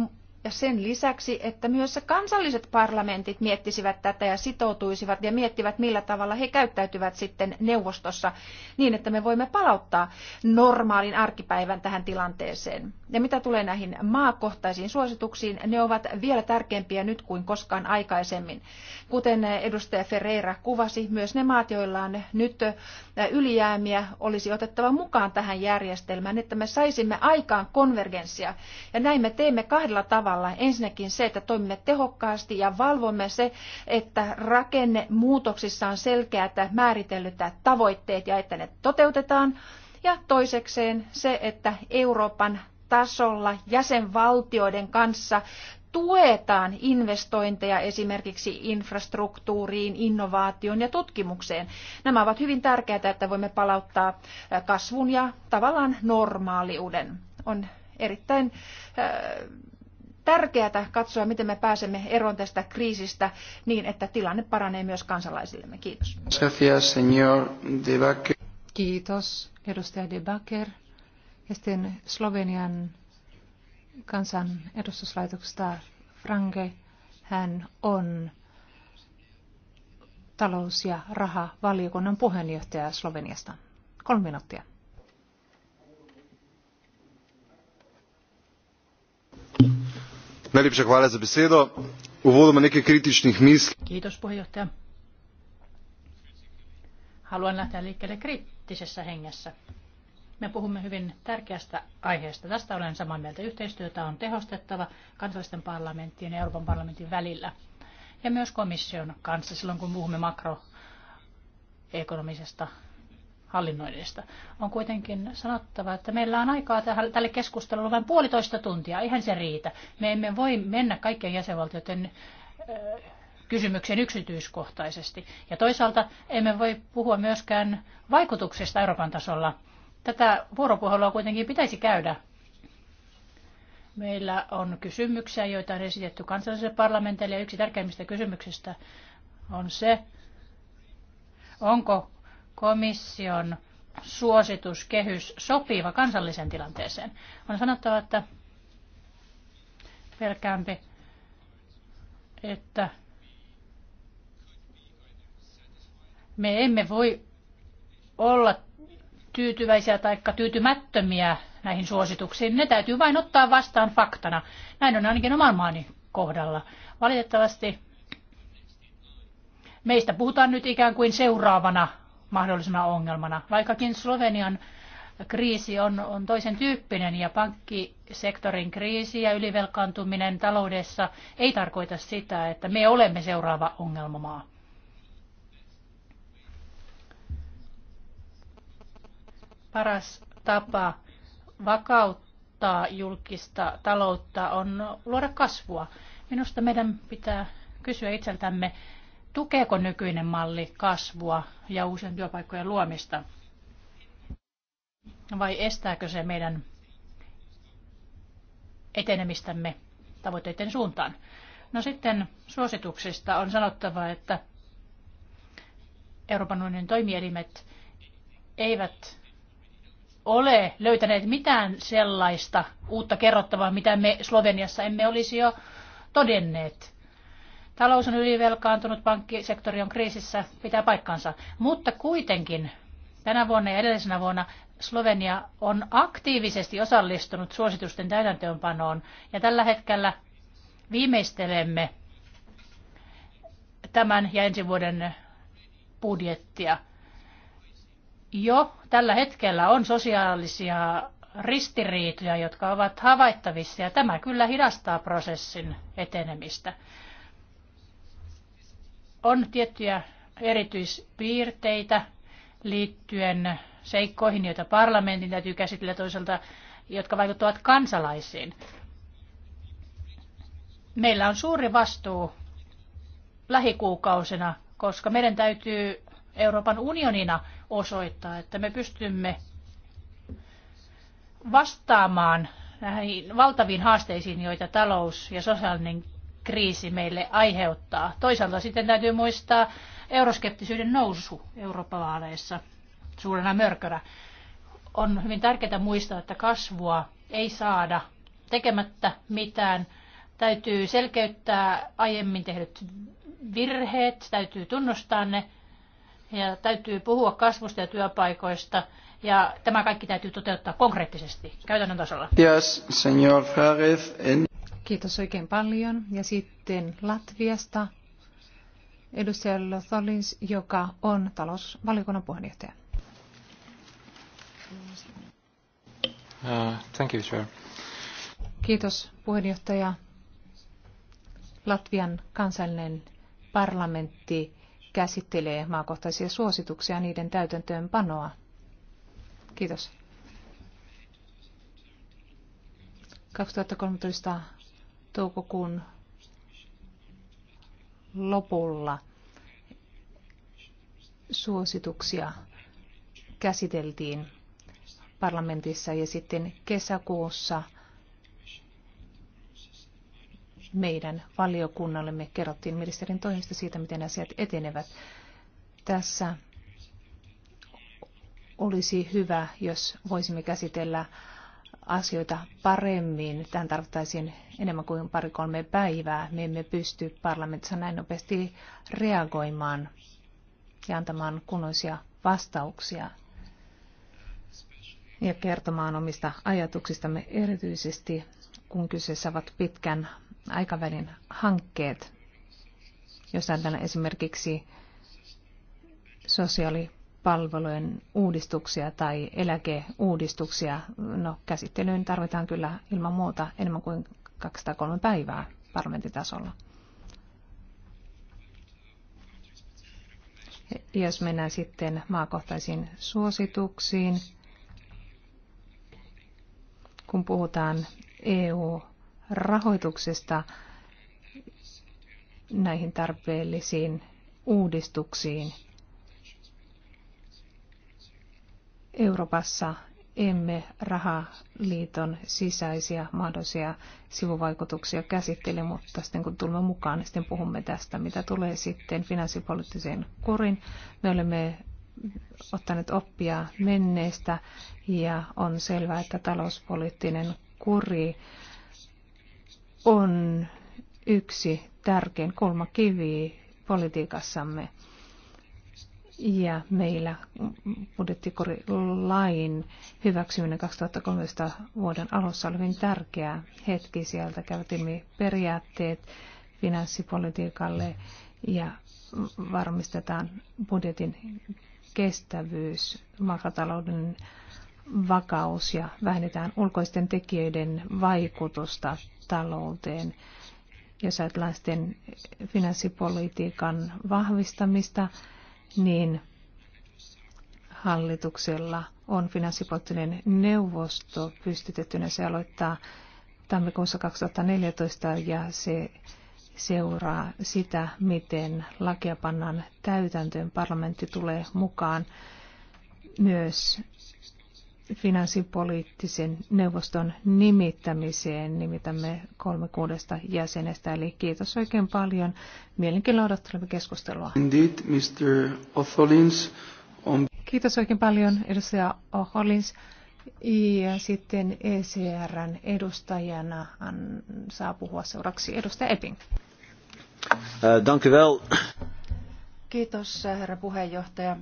ja sen lisäksi, että myös kansalliset parlamentit miettisivät tätä ja sitoutuisivat ja miettivät, millä tavalla he käyttäytyvät sitten neuvostossa niin, että me voimme palauttaa normaalin arkipäivän tähän tilanteeseen. Ja mitä tulee näihin maakohtaisiin suosituksiin, ne ovat vielä tärkeämpiä nyt kuin koskaan aikaisemmin. Kuten edustaja Ferreira kuvasi, myös ne maat, joilla on nyt ylijäämiä, olisi otettava mukaan tähän järjestelmään, että me saisimme aikaan konvergenssia. Ja näin me teemme kahdella tavalla. Ensinnäkin se, että toimimme tehokkaasti ja valvomme se, että rakennemuutoksissa on selkeät määritellyt tavoitteet ja että ne toteutetaan. Ja toisekseen se, että Euroopan tasolla jäsenvaltioiden kanssa tuetaan investointeja esimerkiksi infrastruktuuriin, innovaatioon ja tutkimukseen. Nämä ovat hyvin tärkeitä, että voimme palauttaa kasvun ja tavallaan normaaliuden. On erittäin tärkeää katsoa, miten me pääsemme eroon tästä kriisistä niin, että tilanne paranee myös kansalaisillemme. Kiitos. Kiitos, edustaja De ja sitten Slovenian kansan edustuslaitoksesta Franke, hän on talous- ja rahavaliokunnan puheenjohtaja Sloveniasta. Kolme minuuttia. Najlepša hvala za besedo. Uvodoma nekaj kritičnih misli. Kiitos puheenjohtaja. Haluan lähteä liikkeelle kriittisessä hengessä. Me puhumme hyvin tärkeästä aiheesta. Tästä olen samaa mieltä. Yhteistyötä on tehostettava kansallisten parlamenttien ja Euroopan parlamentin välillä ja myös komission kanssa silloin, kun puhumme makroekonomisesta hallinnoinnista. On kuitenkin sanottava, että meillä on aikaa tälle keskustelulle vain puolitoista tuntia. Eihän se riitä. Me emme voi mennä kaikkien jäsenvaltioiden kysymyksen yksityiskohtaisesti. Ja toisaalta emme voi puhua myöskään vaikutuksesta Euroopan tasolla – Tätä vuoropuhelua kuitenkin pitäisi käydä. Meillä on kysymyksiä, joita on esitetty kansalliselle parlamentille. Yksi tärkeimmistä kysymyksistä on se, onko komission suosituskehys sopiva kansalliseen tilanteeseen. On sanottava, että pelkäämpi, että me emme voi olla tyytyväisiä tai tyytymättömiä näihin suosituksiin. Ne täytyy vain ottaa vastaan faktana. Näin on ainakin oman maani kohdalla. Valitettavasti meistä puhutaan nyt ikään kuin seuraavana mahdollisena ongelmana, vaikkakin Slovenian kriisi on, on toisen tyyppinen ja pankkisektorin kriisi ja ylivelkaantuminen taloudessa ei tarkoita sitä, että me olemme seuraava ongelmamaa. paras tapa vakauttaa julkista taloutta on luoda kasvua. Minusta meidän pitää kysyä itseltämme, tukeeko nykyinen malli kasvua ja uusien työpaikkojen luomista? Vai estääkö se meidän etenemistämme tavoitteiden suuntaan? No sitten suosituksista on sanottava, että Euroopan unionin toimielimet eivät ole löytäneet mitään sellaista uutta kerrottavaa, mitä me Sloveniassa emme olisi jo todenneet. Talous on ylivelkaantunut, pankkisektori on kriisissä, pitää paikkansa. Mutta kuitenkin tänä vuonna ja edellisenä vuonna Slovenia on aktiivisesti osallistunut suositusten täytäntöönpanoon ja tällä hetkellä viimeistelemme tämän ja ensi vuoden budjettia jo tällä hetkellä on sosiaalisia ristiriitoja, jotka ovat havaittavissa, ja tämä kyllä hidastaa prosessin etenemistä. On tiettyjä erityispiirteitä liittyen seikkoihin, joita parlamentin täytyy käsitellä toisaalta, jotka vaikuttavat kansalaisiin. Meillä on suuri vastuu lähikuukausina, koska meidän täytyy Euroopan unionina osoittaa, että me pystymme vastaamaan näihin valtaviin haasteisiin, joita talous ja sosiaalinen kriisi meille aiheuttaa. Toisaalta sitten täytyy muistaa euroskeptisyyden nousu Euroopan vaaleissa suurena mörkönä. On hyvin tärkeää muistaa, että kasvua ei saada tekemättä mitään. Täytyy selkeyttää aiemmin tehdyt virheet, täytyy tunnustaa ne ja täytyy puhua kasvusta ja työpaikoista. Ja tämä kaikki täytyy toteuttaa konkreettisesti käytännön tasolla. Yes, señor Fares. En... Kiitos oikein paljon. Ja sitten Latviasta edustaja Lotholins, joka on talousvaliokunnan puheenjohtaja. Uh, thank you, sir. Kiitos puheenjohtaja. Latvian kansallinen parlamentti käsittelee maakohtaisia suosituksia niiden täytäntöönpanoa. Kiitos. 2013 toukokuun lopulla suosituksia käsiteltiin parlamentissa ja sitten kesäkuussa – meidän valiokunnallemme kerrottiin ministerin toimesta siitä, miten asiat etenevät. Tässä olisi hyvä, jos voisimme käsitellä asioita paremmin. Tähän tarvittaisiin enemmän kuin pari-kolme päivää. Me emme pysty parlamentissa näin nopeasti reagoimaan ja antamaan kunnoisia vastauksia ja kertomaan omista ajatuksistamme erityisesti, kun kyseessä ovat pitkän aikavälin hankkeet, jos ajatellaan esimerkiksi sosiaalipalvelujen uudistuksia tai eläkeuudistuksia, no käsittelyyn tarvitaan kyllä ilman muuta enemmän kuin 203 päivää parlamentitasolla. Jos mennään sitten maakohtaisiin suosituksiin, kun puhutaan EU rahoituksesta näihin tarpeellisiin uudistuksiin. Euroopassa emme rahaliiton sisäisiä mahdollisia sivuvaikutuksia käsittele, mutta sitten kun tulemme mukaan, niin sitten puhumme tästä, mitä tulee sitten finanssipoliittiseen kurin. Me olemme ottaneet oppia menneestä ja on selvää, että talouspoliittinen kuri on yksi tärkein kulmakivi politiikassamme. Ja meillä budjettikorilain hyväksyminen 2013 vuoden alussa oli hyvin tärkeä hetki. Sieltä käytimme periaatteet finanssipolitiikalle ja varmistetaan budjetin kestävyys, makatalouden vakaus ja vähennetään ulkoisten tekijöiden vaikutusta talouteen. Jos ajatellaan sitten finanssipolitiikan vahvistamista, niin hallituksella on finanssipoliittinen neuvosto pystytettynä. Se aloittaa tammikuussa 2014 ja se seuraa sitä, miten lakia pannaan täytäntöön. Parlamentti tulee mukaan myös finanssipoliittisen neuvoston nimittämiseen. Nimitämme kolme kuudesta jäsenestä, eli kiitos oikein paljon. Mielenkiinnolla odottelemme keskustelua. Indeed, Mr. Otholins on... Kiitos oikein paljon, edustaja Ohollins. Ja sitten ECRn edustajana saa puhua seuraksi edustaja Epping. Uh, wel. Kiitos, herra puheenjohtaja.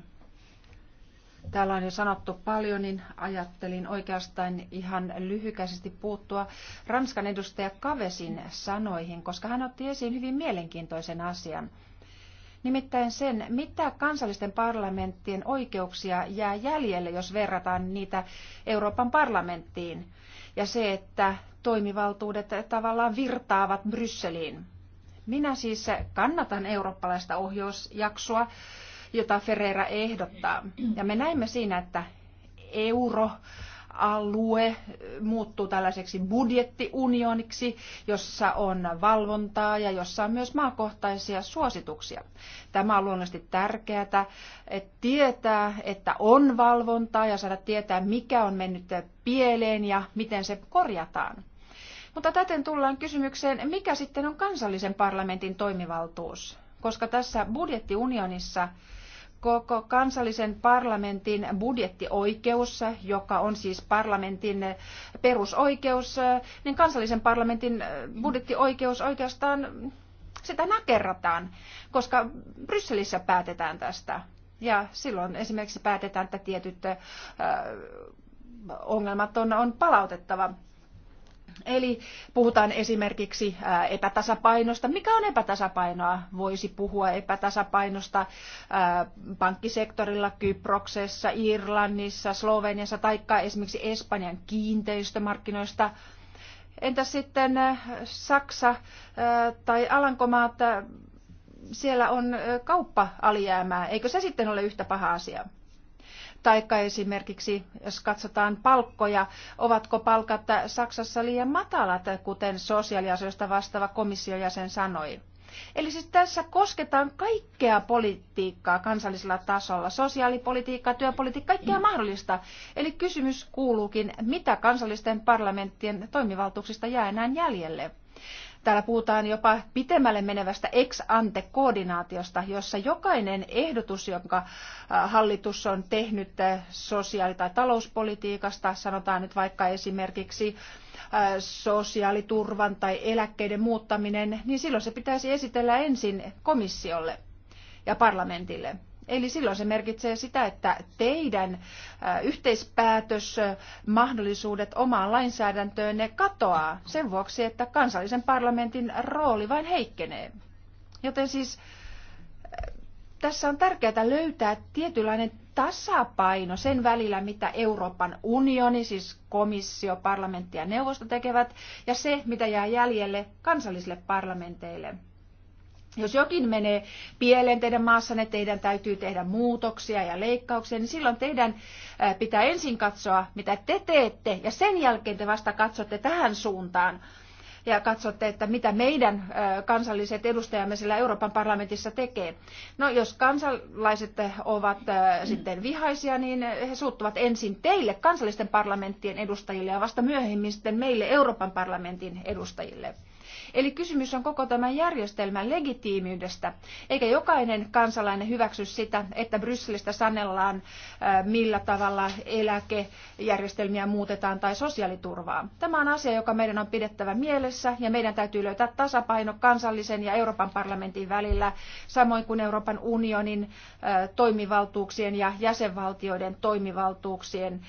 Täällä on jo sanottu paljon, niin ajattelin oikeastaan ihan lyhykäisesti puuttua Ranskan edustaja Kavesin sanoihin, koska hän otti esiin hyvin mielenkiintoisen asian. Nimittäin sen, mitä kansallisten parlamenttien oikeuksia jää jäljelle, jos verrataan niitä Euroopan parlamenttiin. Ja se, että toimivaltuudet tavallaan virtaavat Brysseliin. Minä siis kannatan eurooppalaista ohjausjaksoa, jota Ferreira ehdottaa. Ja me näimme siinä, että euro alue muuttuu tällaiseksi budjettiunioniksi, jossa on valvontaa ja jossa on myös maakohtaisia suosituksia. Tämä on luonnollisesti tärkeää, että tietää, että on valvontaa ja saada tietää, mikä on mennyt pieleen ja miten se korjataan. Mutta täten tullaan kysymykseen, mikä sitten on kansallisen parlamentin toimivaltuus, koska tässä budjettiunionissa koko kansallisen parlamentin budjettioikeus, joka on siis parlamentin eh, perusoikeus, eh, niin kansallisen parlamentin eh, budjettioikeus oikeastaan mm, sitä nakerrataan, koska Brysselissä päätetään tästä. Ja silloin esimerkiksi päätetään, että tietyt ongelmat on, on palautettava Eli puhutaan esimerkiksi äh, epätasapainosta. Mikä on epätasapainoa? Voisi puhua epätasapainosta äh, pankkisektorilla, Kyproksessa, Irlannissa, Sloveniassa tai esimerkiksi Espanjan kiinteistömarkkinoista. Entä sitten äh, Saksa tai Alankomaat? Siellä on kauppa-alijäämää. Eikö se sitten ole yhtä paha asia? Taikka esimerkiksi, jos katsotaan palkkoja, ovatko palkat Saksassa liian matalat, kuten sosiaaliasioista vastaava komissiojäsen sanoi. Eli siis tässä kosketaan kaikkea politiikkaa kansallisella tasolla, sosiaalipolitiikkaa, työpolitiikkaa, kaikkea mahdollista. Eli kysymys kuuluukin, mitä kansallisten parlamenttien toimivaltuuksista jää enää jäljelle. Täällä puhutaan jopa pitemmälle menevästä ex ante koordinaatiosta, jossa jokainen ehdotus, jonka äh, hallitus on tehnyt äh, sosiaali- tai talouspolitiikasta, sanotaan nyt vaikka esimerkiksi äh, sosiaaliturvan tai eläkkeiden muuttaminen, niin silloin se pitäisi esitellä ensin komissiolle ja parlamentille. Eli silloin se merkitsee sitä, että teidän äh, yhteispäätösmahdollisuudet äh, omaan lainsäädäntöön ne katoaa sen vuoksi, että kansallisen parlamentin rooli vain heikkenee. Joten siis äh, tässä on tärkeää löytää tietynlainen tasapaino sen välillä, mitä Euroopan unioni, siis komissio, parlamentti ja neuvosto tekevät, ja se, mitä jää jäljelle kansallisille parlamenteille. Jos jokin menee pieleen teidän maassanne, teidän täytyy tehdä muutoksia ja leikkauksia, niin silloin teidän pitää ensin katsoa, mitä te teette, ja sen jälkeen te vasta katsotte tähän suuntaan ja katsotte, että mitä meidän kansalliset edustajamme siellä Euroopan parlamentissa tekee. No jos kansalaiset ovat sitten vihaisia, niin he suuttuvat ensin teille kansallisten parlamenttien edustajille ja vasta myöhemmin sitten meille Euroopan parlamentin edustajille. Eli kysymys on koko tämän järjestelmän legitiimiydestä, eikä jokainen kansalainen hyväksy sitä, että Brysselistä sanellaan, millä tavalla eläkejärjestelmiä muutetaan tai sosiaaliturvaa. Tämä on asia, joka meidän on pidettävä mielessä ja meidän täytyy löytää tasapaino kansallisen ja Euroopan parlamentin välillä, samoin kuin Euroopan unionin toimivaltuuksien ja jäsenvaltioiden toimivaltuuksien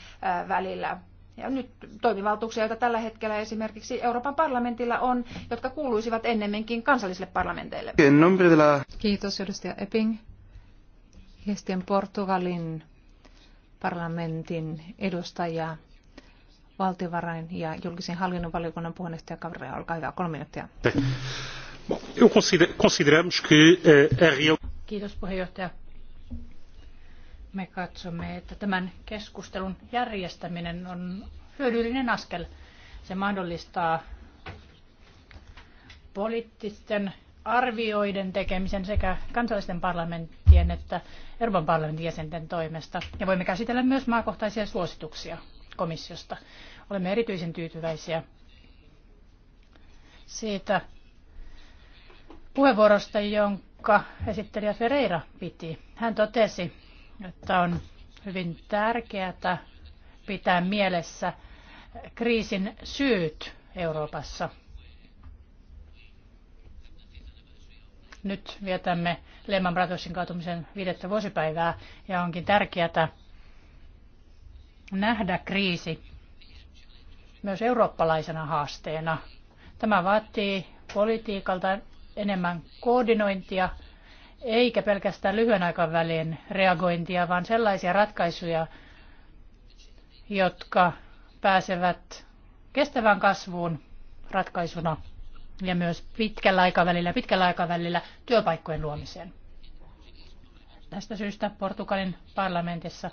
välillä ja nyt toimivaltuuksia, joita tällä hetkellä esimerkiksi Euroopan parlamentilla on, jotka kuuluisivat ennemminkin kansallisille parlamenteille. Kiitos edustaja Epping. Ja sitten Portugalin parlamentin edustaja, valtiovarain ja julkisen hallinnon valiokunnan puheenjohtaja Kavre, olkaa hyvä, kolme minuuttia. Eh, Kiitos puheenjohtaja me katsomme, että tämän keskustelun järjestäminen on hyödyllinen askel. Se mahdollistaa poliittisten arvioiden tekemisen sekä kansallisten parlamenttien että Euroopan parlamentin jäsenten toimesta. Ja voimme käsitellä myös maakohtaisia suosituksia komissiosta. Olemme erityisen tyytyväisiä siitä puheenvuorosta, jonka esittelijä Ferreira piti. Hän totesi, että on hyvin tärkeää pitää mielessä kriisin syyt Euroopassa. Nyt vietämme Lehman Brothersin kaatumisen viidettä vuosipäivää ja onkin tärkeää nähdä kriisi myös eurooppalaisena haasteena. Tämä vaatii politiikalta enemmän koordinointia – eikä pelkästään lyhyen aikavälin reagointia, vaan sellaisia ratkaisuja, jotka pääsevät kestävään kasvuun ratkaisuna ja myös pitkällä aikavälillä, pitkällä aikavälillä työpaikkojen luomiseen. Tästä syystä Portugalin parlamentissa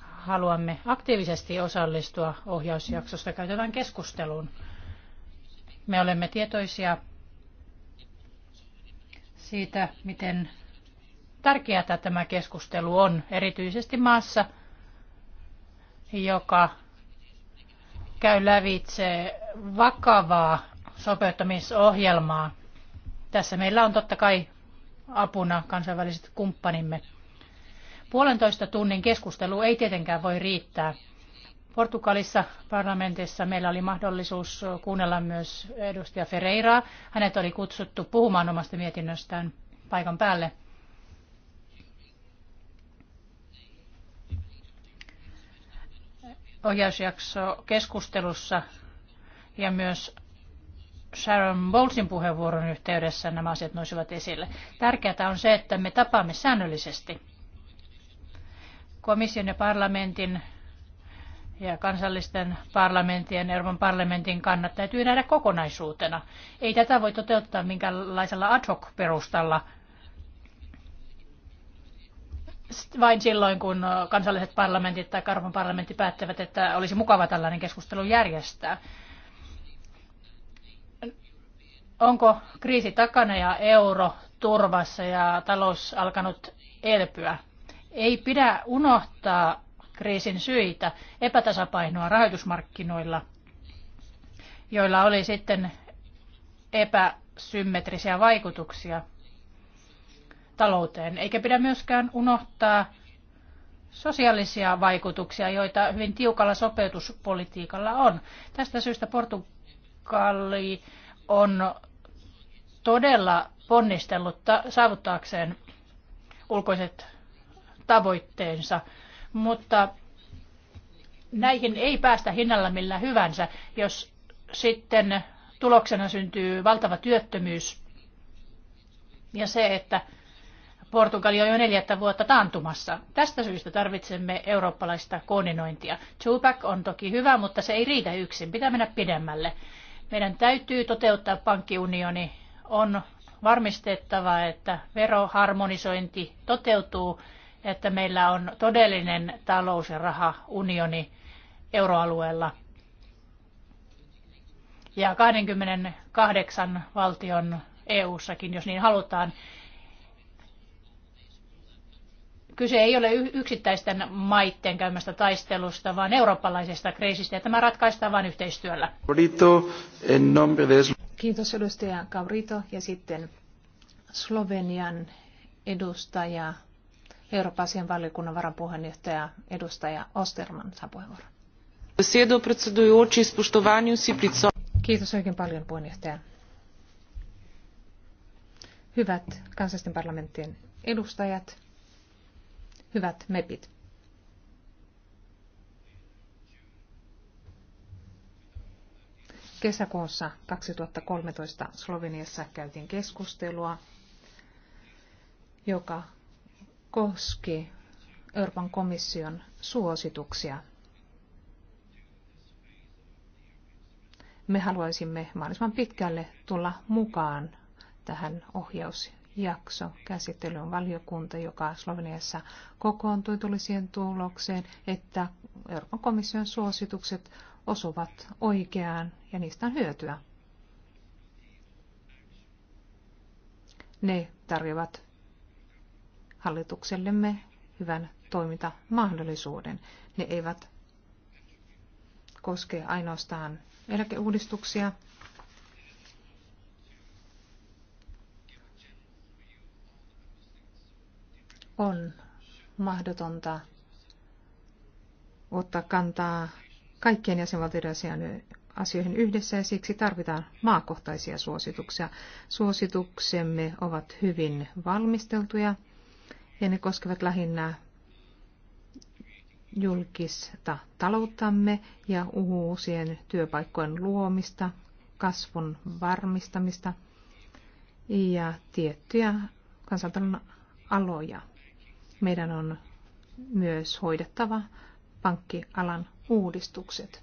haluamme aktiivisesti osallistua ohjausjaksosta käytävään keskusteluun. Me olemme tietoisia siitä, miten tärkeää tämä keskustelu on, erityisesti maassa, joka käy lävitse vakavaa sopeuttamisohjelmaa. Tässä meillä on totta kai apuna kansainväliset kumppanimme. Puolentoista tunnin keskustelu ei tietenkään voi riittää – Portugalissa parlamentissa meillä oli mahdollisuus kuunnella myös edustaja Ferreiraa. Hänet oli kutsuttu puhumaan omasta mietinnöstään paikan päälle. Ohjausjakso keskustelussa ja myös Sharon Bowlesin puheenvuoron yhteydessä nämä asiat nousivat esille. Tärkeää on se, että me tapaamme säännöllisesti komission ja parlamentin ja kansallisten parlamenttien, Euroopan parlamentin kannat täytyy nähdä kokonaisuutena. Ei tätä voi toteuttaa minkälaisella ad hoc perustalla vain silloin, kun kansalliset parlamentit tai Euroopan parlamentti päättävät, että olisi mukava tällainen keskustelu järjestää. Onko kriisi takana ja euro turvassa ja talous alkanut elpyä? Ei pidä unohtaa kriisin syitä, epätasapainoa rahoitusmarkkinoilla, joilla oli sitten epäsymmetrisiä vaikutuksia talouteen. Eikä pidä myöskään unohtaa sosiaalisia vaikutuksia, joita hyvin tiukalla sopeutuspolitiikalla on. Tästä syystä Portugali on todella ponnistellut saavuttaakseen ulkoiset tavoitteensa mutta näihin ei päästä hinnalla millä hyvänsä, jos sitten tuloksena syntyy valtava työttömyys ja se, että Portugali on jo neljättä vuotta taantumassa. Tästä syystä tarvitsemme eurooppalaista koordinointia. Tupac on toki hyvä, mutta se ei riitä yksin. Pitää mennä pidemmälle. Meidän täytyy toteuttaa pankkiunioni. On varmistettava, että veroharmonisointi toteutuu että meillä on todellinen talous- ja rahaunioni euroalueella. Ja 28 valtion EU-sakin, jos niin halutaan. Kyse ei ole yksittäisten maiden käymästä taistelusta, vaan eurooppalaisesta kriisistä, ja tämä ratkaistaan vain yhteistyöllä. Kiitos edustaja Kaurito, ja sitten Slovenian edustaja Euroopan asian valiokunnan varapuheenjohtaja edustaja Osterman saa puheenvuoron. Kiitos oikein paljon puheenjohtaja. Hyvät kansallisten parlamenttien edustajat, hyvät MEPit. Kesäkuussa 2013 Sloveniassa käytiin keskustelua, joka koski Euroopan komission suosituksia. Me haluaisimme mahdollisimman pitkälle tulla mukaan tähän ohjausjakso käsittelyyn valiokunta, joka Sloveniassa kokoontui, tulisiin tulokseen, että Euroopan komission suositukset osuvat oikeaan ja niistä on hyötyä. Ne tarjoavat hallituksellemme hyvän toimintamahdollisuuden. Ne eivät koske ainoastaan eläkeuudistuksia, on mahdotonta ottaa kantaa kaikkien jäsenvaltioiden asioihin yhdessä ja siksi tarvitaan maakohtaisia suosituksia. Suosituksemme ovat hyvin valmisteltuja ja ne koskevat lähinnä julkista talouttamme ja uusien työpaikkojen luomista, kasvun varmistamista ja tiettyjä kansantalon aloja. Meidän on myös hoidettava pankkialan uudistukset.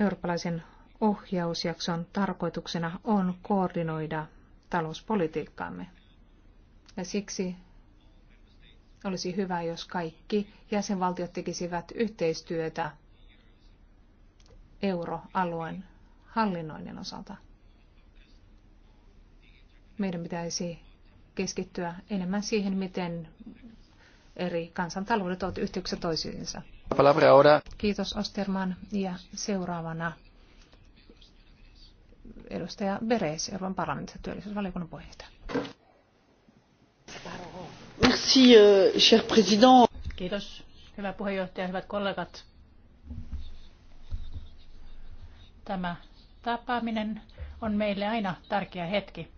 Eurooppalaisen ohjausjakson tarkoituksena on koordinoida talouspolitiikkaamme. Ja siksi olisi hyvä, jos kaikki jäsenvaltiot tekisivät yhteistyötä euroalueen hallinnoinnin osalta. Meidän pitäisi keskittyä enemmän siihen, miten eri kansantaloudet ovat yhteyksissä toisiinsa. Kiitos Osterman ja seuraavana edustaja Beres Euroopan parlamentin työllisyysvaliokunnan puheenjohtaja. Merci, euh, cher président. hyvä puheenjohtaja, hyvät kollegat. Tämä tapaaminen on meille aina tärkeä hetki.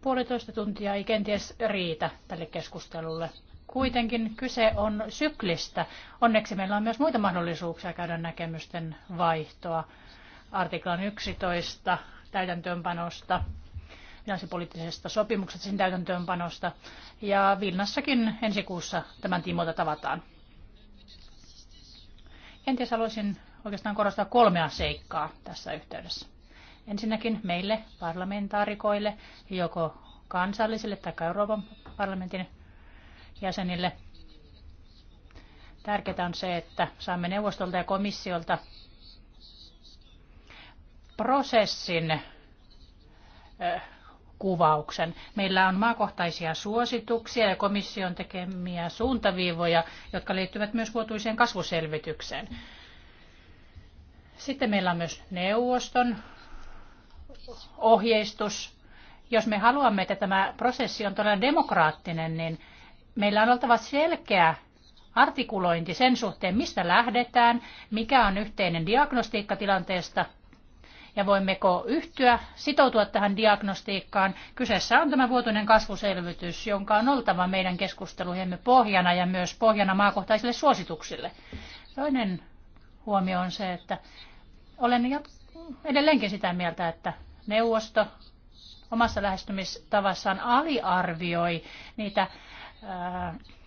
Puolitoista tuntia ei kenties riitä tälle keskustelulle. Kuitenkin kyse on syklistä. Onneksi meillä on myös muita mahdollisuuksia käydä näkemysten vaihtoa. Artiklan 11 täytäntöönpanosta finanssipoliittisesta sopimuksesta, sen täytäntöönpanosta. Ja Vilnassakin ensi kuussa tämän tiimoilta tavataan. Kenties haluaisin oikeastaan korostaa kolmea seikkaa tässä yhteydessä. Ensinnäkin meille parlamentaarikoille, joko kansallisille tai Euroopan parlamentin jäsenille. Tärkeää on se, että saamme neuvostolta ja komissiolta prosessin kuvauksen. Meillä on maakohtaisia suosituksia ja komission tekemiä suuntaviivoja, jotka liittyvät myös vuotuiseen kasvuselvitykseen. Sitten meillä on myös neuvoston ohjeistus. Jos me haluamme, että tämä prosessi on todella demokraattinen, niin meillä on oltava selkeä artikulointi sen suhteen, mistä lähdetään, mikä on yhteinen diagnostiikka tilanteesta ja voimmeko yhtyä, sitoutua tähän diagnostiikkaan. Kyseessä on tämä vuotuinen kasvuselvytys, jonka on oltava meidän keskustelujemme pohjana ja myös pohjana maakohtaisille suosituksille. Toinen huomio on se, että olen edelleenkin sitä mieltä, että neuvosto omassa lähestymistavassaan aliarvioi niitä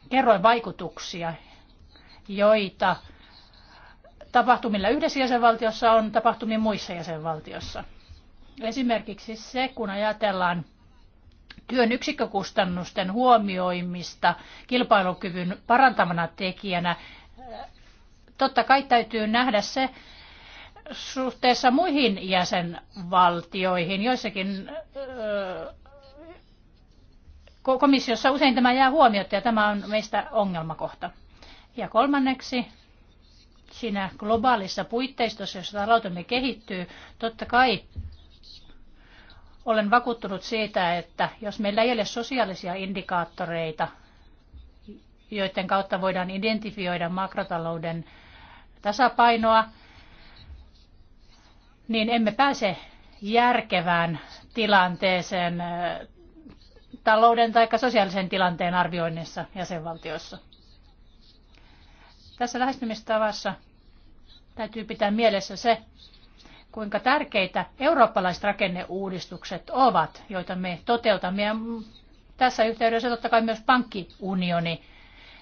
kerroinvaikutuksia, joita tapahtumilla yhdessä jäsenvaltiossa on tapahtumia muissa jäsenvaltioissa. Esimerkiksi se, kun ajatellaan työn yksikkökustannusten huomioimista kilpailukyvyn parantamana tekijänä, totta kai täytyy nähdä se suhteessa muihin jäsenvaltioihin. Joissakin komissiossa usein tämä jää huomiota ja tämä on meistä ongelmakohta. Ja kolmanneksi siinä globaalissa puitteistossa, jossa taloutemme kehittyy, totta kai olen vakuuttunut siitä, että jos meillä ei ole sosiaalisia indikaattoreita, joiden kautta voidaan identifioida makrotalouden tasapainoa, niin emme pääse järkevään tilanteeseen talouden tai sosiaalisen tilanteen arvioinnissa jäsenvaltioissa. Tässä lähestymistavassa täytyy pitää mielessä se, kuinka tärkeitä eurooppalaiset rakenneuudistukset ovat, joita me toteutamme. Ja tässä yhteydessä totta kai myös pankkiunioni.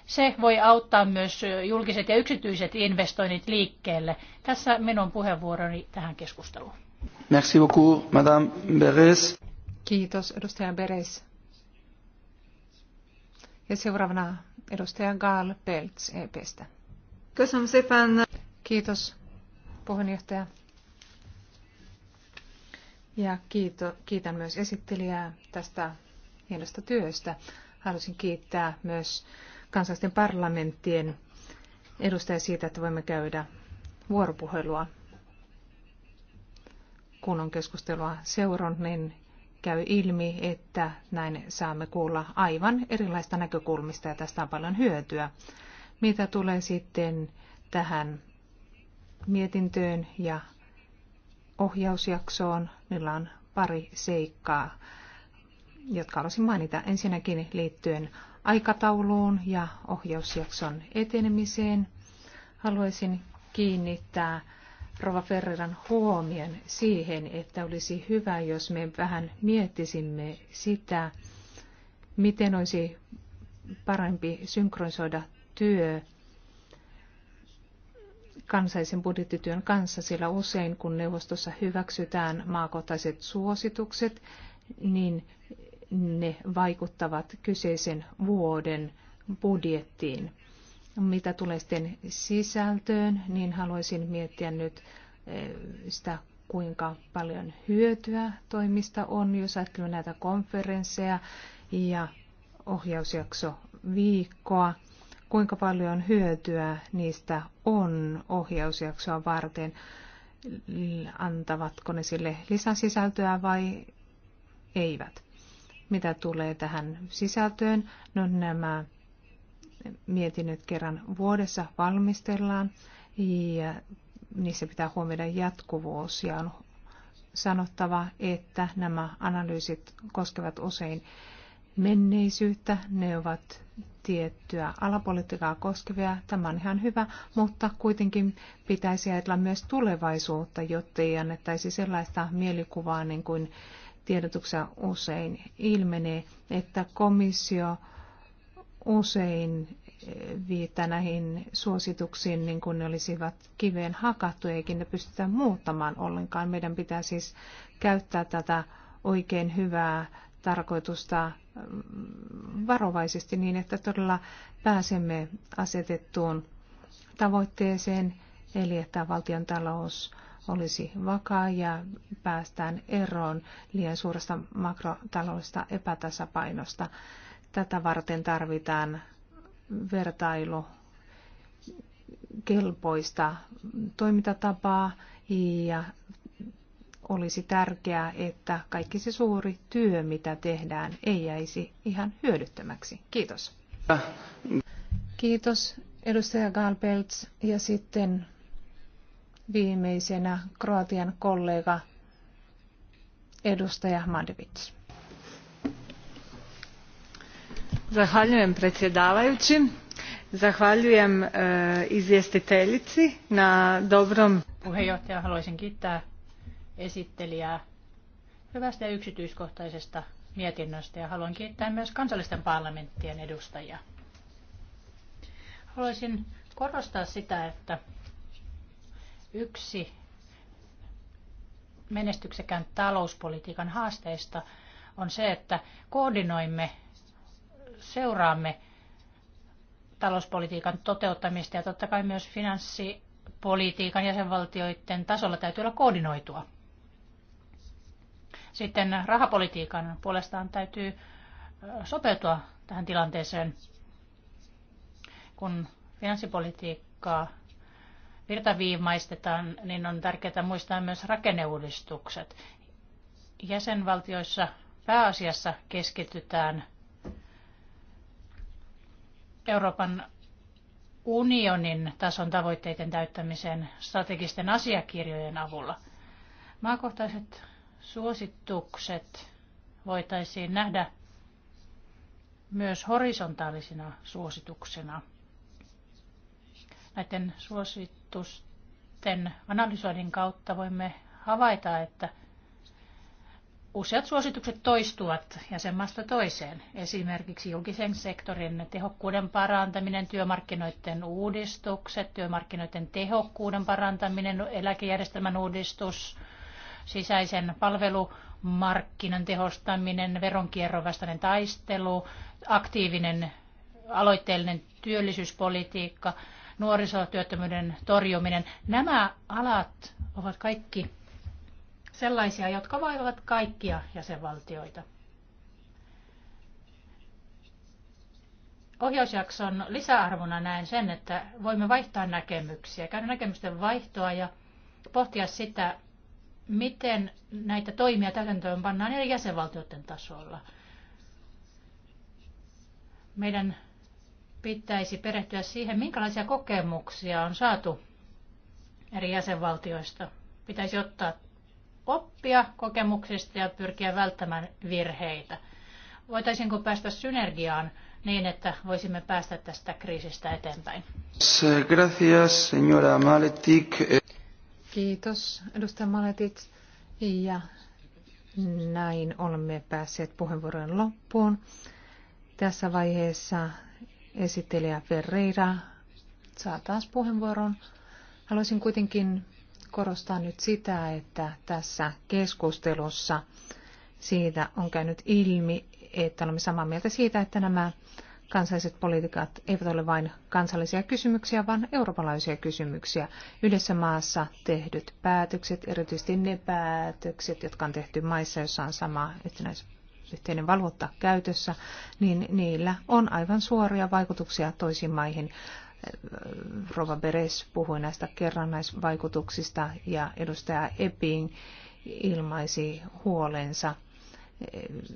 Se voi auttaa myös julkiset ja yksityiset investoinnit liikkeelle. Tässä minun puheenvuoroni tähän keskusteluun. Merci beaucoup, Madame Beres. Kiitos, edustaja Beres. Ja seuraavana edustaja Gaal Peltz EPstä. Kiitos puheenjohtaja. Ja kiito, kiitän myös esittelijää tästä hienosta työstä. Haluaisin kiittää myös kansallisten parlamenttien edustajia siitä, että voimme käydä vuoropuhelua. Kun on keskustelua seurannut, niin käy ilmi, että näin saamme kuulla aivan erilaista näkökulmista ja tästä on paljon hyötyä. Mitä tulee sitten tähän mietintöön ja ohjausjaksoon, meillä on pari seikkaa, jotka haluaisin mainita. Ensinnäkin liittyen aikatauluun ja ohjausjakson etenemiseen haluaisin kiinnittää Rova Ferreran huomion siihen, että olisi hyvä, jos me vähän miettisimme sitä, miten olisi parempi synkronisoida työ kansallisen budjettityön kanssa, sillä usein kun neuvostossa hyväksytään maakohtaiset suositukset, niin ne vaikuttavat kyseisen vuoden budjettiin. Mitä tulee sitten sisältöön, niin haluaisin miettiä nyt eh, sitä, kuinka paljon hyötyä toimista on, jos ajattelemme näitä konferensseja ja ohjausjakso viikkoa kuinka paljon hyötyä niistä on ohjausjaksoa varten. Antavatko ne sille lisäsisältöä vai eivät? Mitä tulee tähän sisältöön? No nämä mietinnöt kerran vuodessa valmistellaan ja niissä pitää huomioida jatkuvuus ja on sanottava, että nämä analyysit koskevat usein menneisyyttä, ne ovat tiettyä alapolitiikkaa koskevia. Tämä on ihan hyvä, mutta kuitenkin pitäisi ajatella myös tulevaisuutta, jotta ei annettaisi sellaista mielikuvaa, niin kuin tiedotuksessa usein ilmenee, että komissio usein eh, viittaa näihin suosituksiin, niin kuin ne olisivat kiveen hakattu, eikin ne pystytä muuttamaan ollenkaan. Meidän pitää siis käyttää tätä oikein hyvää tarkoitusta mm, varovaisesti niin, että todella pääsemme asetettuun tavoitteeseen, eli että valtion talous olisi vakaa ja päästään eroon liian suuresta makrotaloudesta epätasapainosta. Tätä varten tarvitaan vertailu kelpoista toimintatapaa ja olisi tärkeää, että kaikki se suuri työ, mitä tehdään, ei jäisi ihan hyödyttömäksi. Kiitos. Kiitos edustaja Galpelts ja sitten viimeisenä Kroatian kollega edustaja Madevic. Zahvaljujem predsjedavajući. Zahvaljujem e, izvjestiteljici na dobrom... Puheenjohtaja, haluaisin kiittää esittelijää hyvästä ja yksityiskohtaisesta mietinnöstä ja haluan kiittää myös kansallisten parlamenttien edustajia. Haluaisin korostaa sitä, että yksi menestyksekään talouspolitiikan haasteista on se, että koordinoimme, seuraamme talouspolitiikan toteuttamista ja totta kai myös finanssipolitiikan jäsenvaltioiden tasolla täytyy olla koordinoitua. Sitten rahapolitiikan puolestaan täytyy sopeutua tähän tilanteeseen, kun finanssipolitiikkaa virtaviimaistetaan, niin on tärkeää muistaa myös rakenneuudistukset. Jäsenvaltioissa pääasiassa keskitytään Euroopan unionin tason tavoitteiden täyttämiseen strategisten asiakirjojen avulla. Maakohtaiset suositukset voitaisiin nähdä myös horisontaalisina suosituksena. Näiden suositusten analysoinnin kautta voimme havaita, että useat suositukset toistuvat jäsenmaasta toiseen. Esimerkiksi julkisen sektorin tehokkuuden parantaminen, työmarkkinoiden uudistukset, työmarkkinoiden tehokkuuden parantaminen, eläkejärjestelmän uudistus – sisäisen palvelumarkkinan tehostaminen, veronkierron vastainen taistelu, aktiivinen aloitteellinen työllisyyspolitiikka, nuorisotyöttömyyden torjuminen. Nämä alat ovat kaikki sellaisia, jotka vaivavat kaikkia jäsenvaltioita. Ohjausjakson lisäarvona näen sen, että voimme vaihtaa näkemyksiä, käydä näkemysten vaihtoa ja pohtia sitä, miten näitä toimia täytäntöön pannaan eri jäsenvaltioiden tasolla. Meidän pitäisi perehtyä siihen, minkälaisia kokemuksia on saatu eri jäsenvaltioista. Pitäisi ottaa oppia kokemuksista ja pyrkiä välttämään virheitä. Voitaisinko päästä synergiaan niin, että voisimme päästä tästä kriisistä eteenpäin? Gracias, señora Kiitos, edustaja Maletit. Ja näin olemme päässeet puheenvuorojen loppuun. Tässä vaiheessa esittelijä Ferreira saa taas puheenvuoron. Haluaisin kuitenkin korostaa nyt sitä, että tässä keskustelussa siitä on käynyt ilmi, että olemme samaa mieltä siitä, että nämä kansalliset politiikat eivät ole vain kansallisia kysymyksiä, vaan eurooppalaisia kysymyksiä. Yhdessä maassa tehdyt päätökset, erityisesti ne päätökset, jotka on tehty maissa, joissa on sama yhteinen valuutta käytössä, niin niillä on aivan suoria vaikutuksia toisiin maihin. Rova Beres puhui näistä kerrannaisvaikutuksista ja edustaja Epping ilmaisi huolensa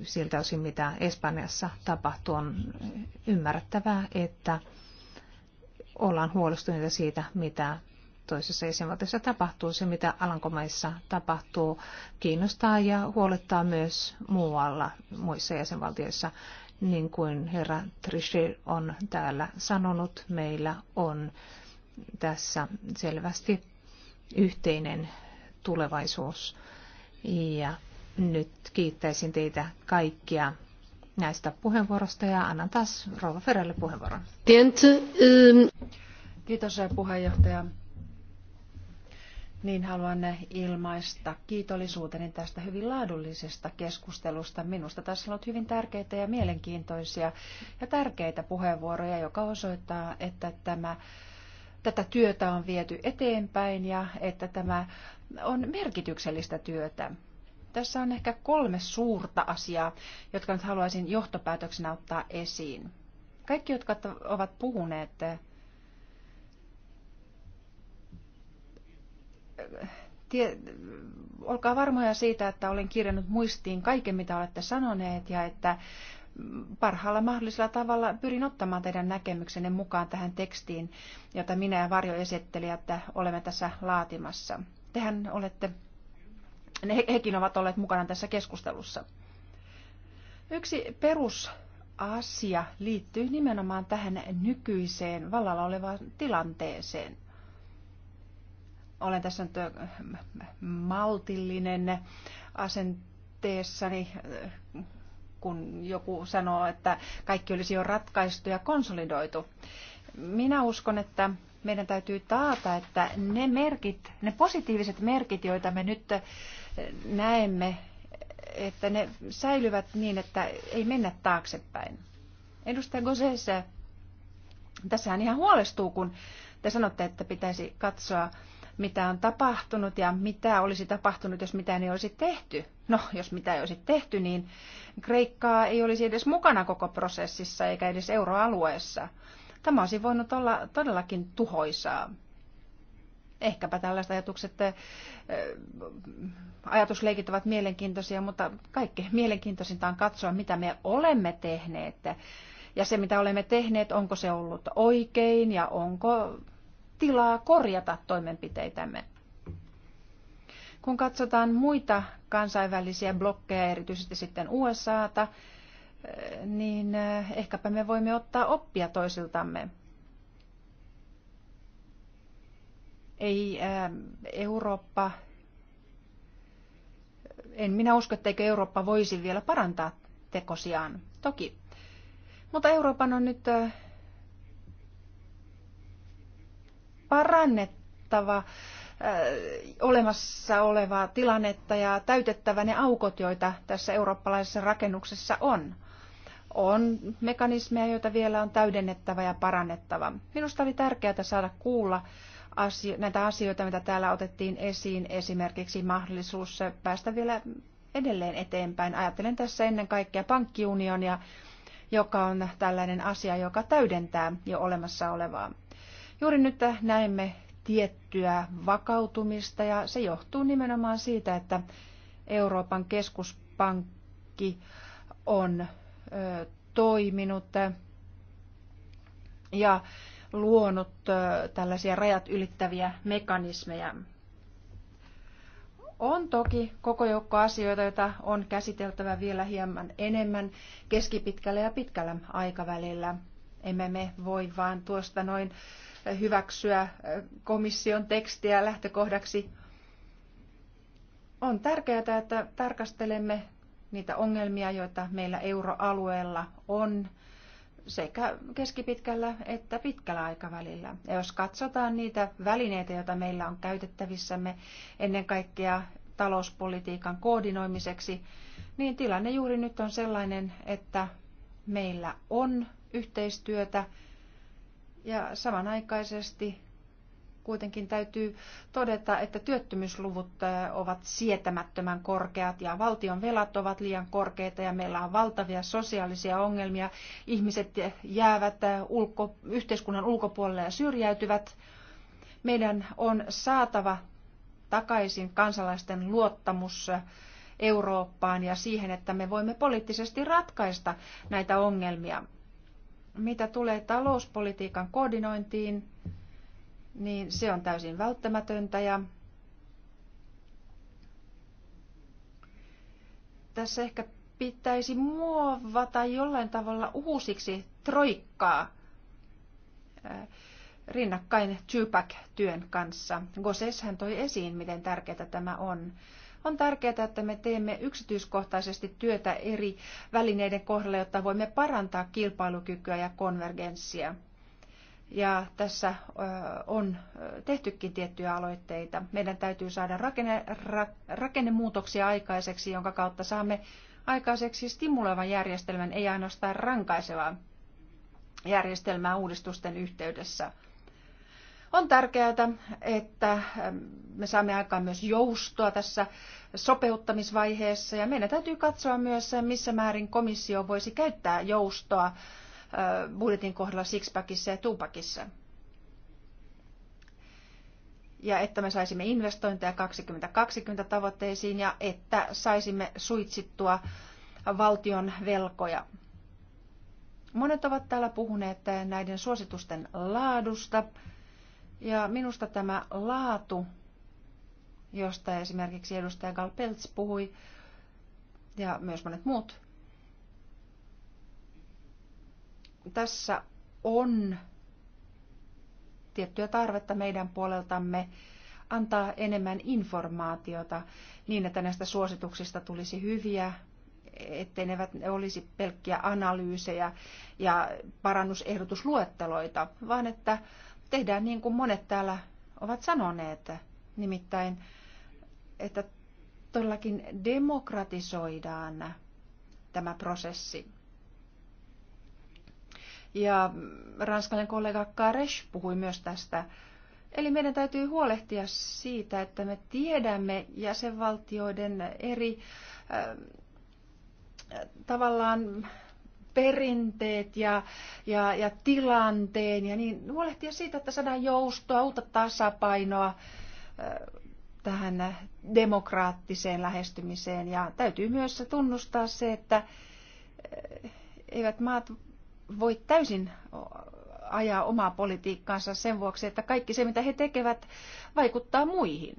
siltä osin, mitä Espanjassa tapahtuu, on ymmärrettävää, että ollaan huolestuneita siitä, mitä toisessa jäsenvaltiossa tapahtuu. Se, mitä Alankomaissa tapahtuu, kiinnostaa ja huolettaa myös muualla muissa jäsenvaltioissa. Niin kuin herra Trichet on täällä sanonut, meillä on tässä selvästi yhteinen tulevaisuus. Ja nyt kiittäisin teitä kaikkia näistä puheenvuorosta ja annan taas Rova Ferrelle puheenvuoron. Kiitos puheenjohtaja. Niin haluan ilmaista kiitollisuuteni tästä hyvin laadullisesta keskustelusta. Minusta tässä on ollut hyvin tärkeitä ja mielenkiintoisia ja tärkeitä puheenvuoroja, joka osoittaa, että tämä, tätä työtä on viety eteenpäin ja että tämä on merkityksellistä työtä. Tässä on ehkä kolme suurta asiaa, jotka nyt haluaisin johtopäätöksenä ottaa esiin. Kaikki, jotka ovat puhuneet eh, tie, olkaa varmoja siitä, että olen kirjannut muistiin kaiken, mitä olette sanoneet ja että parhaalla mahdollisella tavalla pyrin ottamaan teidän näkemyksenne mukaan tähän tekstiin, jota minä ja varjoesittelijät olemme tässä laatimassa. Tehän olette ne, hekin ovat olleet mukana tässä keskustelussa. Yksi perusasia liittyy nimenomaan tähän nykyiseen vallalla olevaan tilanteeseen. Olen tässä nyt maltillinen asenteessani, kun joku sanoo, että kaikki olisi jo ratkaistu ja konsolidoitu. Minä uskon, että meidän täytyy taata, että ne merkit, ne positiiviset merkit, joita me nyt näemme, että ne säilyvät niin, että ei mennä taaksepäin. Edustaja tässä tässähän ihan huolestuu, kun te sanotte, että pitäisi katsoa, mitä on tapahtunut ja mitä olisi tapahtunut, jos mitään ei olisi tehty. No, jos mitä ei olisi tehty, niin Kreikkaa ei olisi edes mukana koko prosessissa eikä edes euroalueessa. Tämä olisi voinut olla todellakin tuhoisaa. Ehkäpä tällaiset ajatukset, ajatusleikit ovat mielenkiintoisia, mutta kaikki mielenkiintoisinta on katsoa, mitä me olemme tehneet. Ja se, mitä olemme tehneet, onko se ollut oikein ja onko tilaa korjata toimenpiteitämme. Kun katsotaan muita kansainvälisiä blokkeja, erityisesti sitten USAta, niin ehkäpä me voimme ottaa oppia toisiltamme. Ei ähm, Eurooppa, en minä usko, etteikö Eurooppa voisi vielä parantaa tekosiaan. Toki. Mutta Euroopan on nyt äh, parannettava äh, olemassa olevaa tilannetta ja täytettävä ne aukot, joita tässä eurooppalaisessa rakennuksessa on. On mekanismeja, joita vielä on täydennettävä ja parannettava. Minusta oli tärkeää saada kuulla asio- näitä asioita, mitä täällä otettiin esiin, esimerkiksi mahdollisuus päästä vielä edelleen eteenpäin. Ajattelen tässä ennen kaikkea pankkiunionia, joka on tällainen asia, joka täydentää jo olemassa olevaa. Juuri nyt näemme tiettyä vakautumista ja se johtuu nimenomaan siitä, että Euroopan keskuspankki on ö, toiminut ja luonut tällaisia rajat ylittäviä mekanismeja. On toki koko joukko asioita, joita on käsiteltävä vielä hieman enemmän keskipitkällä ja pitkällä aikavälillä. Emme me voi vaan tuosta noin hyväksyä komission tekstiä lähtökohdaksi. On tärkeää, että tarkastelemme niitä ongelmia, joita meillä euroalueella on, sekä keskipitkällä että pitkällä aikavälillä. Ja jos katsotaan niitä välineitä, joita meillä on käytettävissämme ennen kaikkea talouspolitiikan koordinoimiseksi, niin tilanne juuri nyt on sellainen, että meillä on yhteistyötä ja samanaikaisesti kuitenkin täytyy todeta, että työttömyysluvut ovat sietämättömän korkeat ja valtion velat ovat liian korkeita ja meillä on valtavia sosiaalisia ongelmia. Ihmiset jäävät ulko, yhteiskunnan ulkopuolelle ja syrjäytyvät. Meidän on saatava takaisin kansalaisten luottamus Eurooppaan ja siihen, että me voimme poliittisesti ratkaista näitä ongelmia. Mitä tulee talouspolitiikan koordinointiin, niin se on täysin välttämätöntä ja tässä ehkä pitäisi muovata jollain tavalla uusiksi troikkaa äh, rinnakkain Tupac-työn kanssa. Goses hän toi esiin, miten tärkeää tämä on. On tärkeää, että me teemme yksityiskohtaisesti työtä eri välineiden kohdalla, jotta voimme parantaa kilpailukykyä ja konvergenssia. Ja tässä on tehtykin tiettyjä aloitteita. Meidän täytyy saada rakenne, ra, rakennemuutoksia aikaiseksi, jonka kautta saamme aikaiseksi stimuloivan järjestelmän, ei ainoastaan rankaisevaa järjestelmää uudistusten yhteydessä. On tärkeää, että me saamme aikaan myös joustoa tässä sopeuttamisvaiheessa ja meidän täytyy katsoa myös, missä määrin komissio voisi käyttää joustoa budjetin kohdalla Sixpackissa ja Tupakissa. Ja että me saisimme investointeja 2020 tavoitteisiin ja että saisimme suitsittua valtion velkoja. Monet ovat täällä puhuneet näiden suositusten laadusta. Ja minusta tämä laatu, josta esimerkiksi edustaja Galpelts puhui ja myös monet muut, tässä on tiettyä tarvetta meidän puoleltamme antaa enemmän informaatiota niin, että näistä suosituksista tulisi hyviä, ettei ne olisi pelkkiä analyysejä ja parannusehdotusluetteloita, vaan että tehdään niin kuin monet täällä ovat sanoneet, nimittäin, että todellakin demokratisoidaan tämä prosessi. Ja ranskalainen kollega Karesh puhui myös tästä. Eli meidän täytyy huolehtia siitä, että me tiedämme jäsenvaltioiden eri äh, tavallaan perinteet ja, ja, ja tilanteen ja niin huolehtia siitä, että saadaan joustoa, uutta tasapainoa äh, tähän demokraattiseen lähestymiseen. Ja täytyy myös tunnustaa se, että äh, eivät maat voi täysin ajaa omaa politiikkaansa sen vuoksi, että kaikki se, mitä he tekevät, vaikuttaa muihin.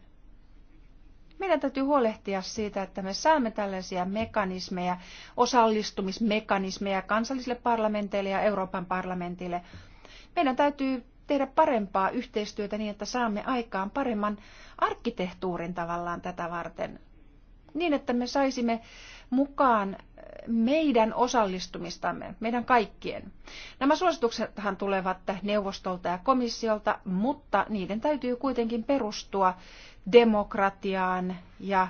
Meidän täytyy huolehtia siitä, että me saamme tällaisia mekanismeja, osallistumismekanismeja kansallisille parlamenteille ja Euroopan parlamentille. Meidän täytyy tehdä parempaa yhteistyötä niin, että saamme aikaan paremman arkkitehtuurin tavallaan tätä varten. Niin, että me saisimme mukaan meidän osallistumistamme, meidän kaikkien. Nämä suosituksethan tulevat neuvostolta ja komissiolta, mutta niiden täytyy kuitenkin perustua demokratiaan ja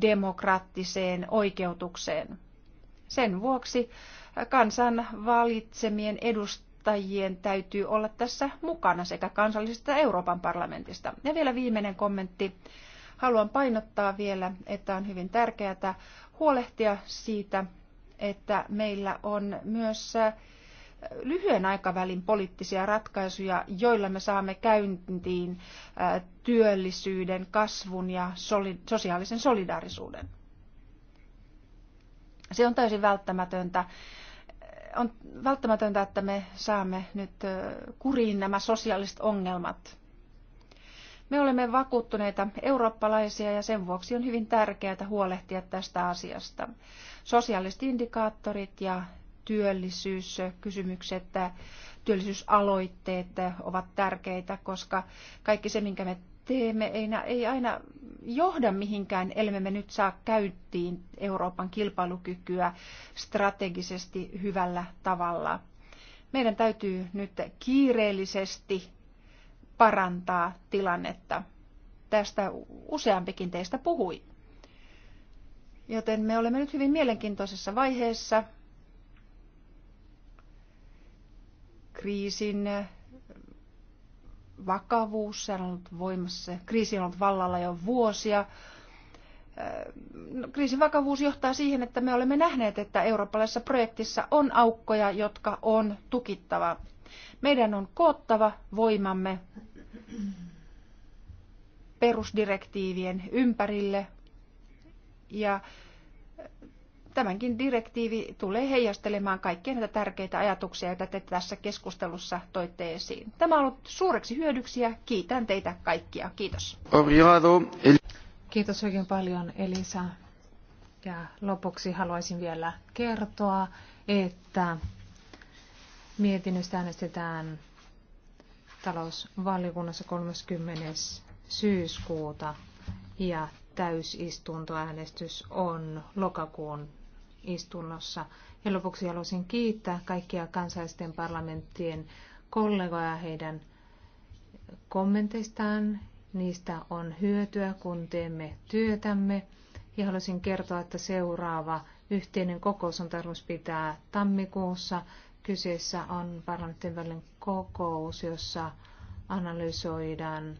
demokraattiseen oikeutukseen. Sen vuoksi kansan valitsemien edustajien täytyy olla tässä mukana sekä kansallisesta että Euroopan parlamentista. Ja vielä viimeinen kommentti. Haluan painottaa vielä, että on hyvin tärkeää huolehtia siitä, että meillä on myös äh, lyhyen aikavälin poliittisia ratkaisuja, joilla me saamme käyntiin äh, työllisyyden, kasvun ja sosiaalisen solidaarisuuden. Se on täysin välttämätöntä. On välttämätöntä, että me saamme nyt äh, kuriin nämä sosiaaliset ongelmat – me olemme vakuuttuneita eurooppalaisia ja sen vuoksi on hyvin tärkeää huolehtia tästä asiasta. Sosiaaliset indikaattorit ja työllisyyskysymykset, työllisyysaloitteet ovat tärkeitä, koska kaikki se, minkä me teemme, ei, ei aina johda mihinkään, ellei me nyt saa käyttiin Euroopan kilpailukykyä strategisesti hyvällä tavalla. Meidän täytyy nyt kiireellisesti parantaa tilannetta. Tästä useampikin teistä puhui. Joten me olemme nyt hyvin mielenkiintoisessa vaiheessa kriisin vakavuus, se on ollut voimassa, kriisi on ollut vallalla jo vuosia. No, kriisin vakavuus johtaa siihen, että me olemme nähneet, että eurooppalaisessa projektissa on aukkoja, jotka on tukittava. Meidän on koottava voimamme perusdirektiivien ympärille. Ja tämänkin direktiivi tulee heijastelemaan kaikkia näitä tärkeitä ajatuksia, joita te tässä keskustelussa toitte esiin. Tämä on ollut suureksi hyödyksi ja kiitän teitä kaikkia. Kiitos. Kiitos oikein paljon Elisa. Ja lopuksi haluaisin vielä kertoa, että mietinnöstä äänestetään talousvaliokunnassa 30. syyskuuta ja täysistuntoäänestys on lokakuun istunnossa. Ja lopuksi haluaisin kiittää kaikkia kansallisten parlamenttien kollegoja heidän kommenteistaan. Niistä on hyötyä, kun teemme työtämme. Ja haluaisin kertoa, että seuraava yhteinen kokous on tarkoitus pitää tammikuussa. Kyseessä on parlamentin välinen kokous, jossa analysoidaan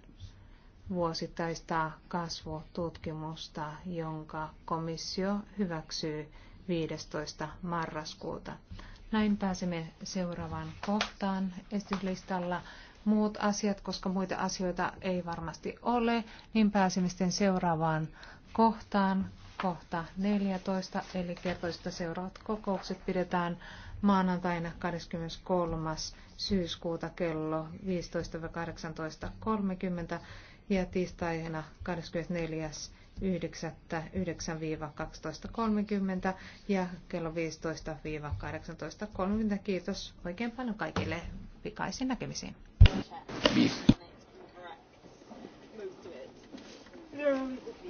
vuosittaista kasvututkimusta, jonka komissio hyväksyy 15. marraskuuta. Näin pääsemme seuraavaan kohtaan esityslistalla. Muut asiat, koska muita asioita ei varmasti ole, niin pääsemme sitten seuraavaan kohtaan, kohta 14, eli kertoista seuraavat kokoukset pidetään maanantaina 23. syyskuuta kello 15-18.30 ja tiistaina 2499 1230 ja kello 15-18.30. Kiitos oikein paljon kaikille pikaisiin näkemisiin. Yeah.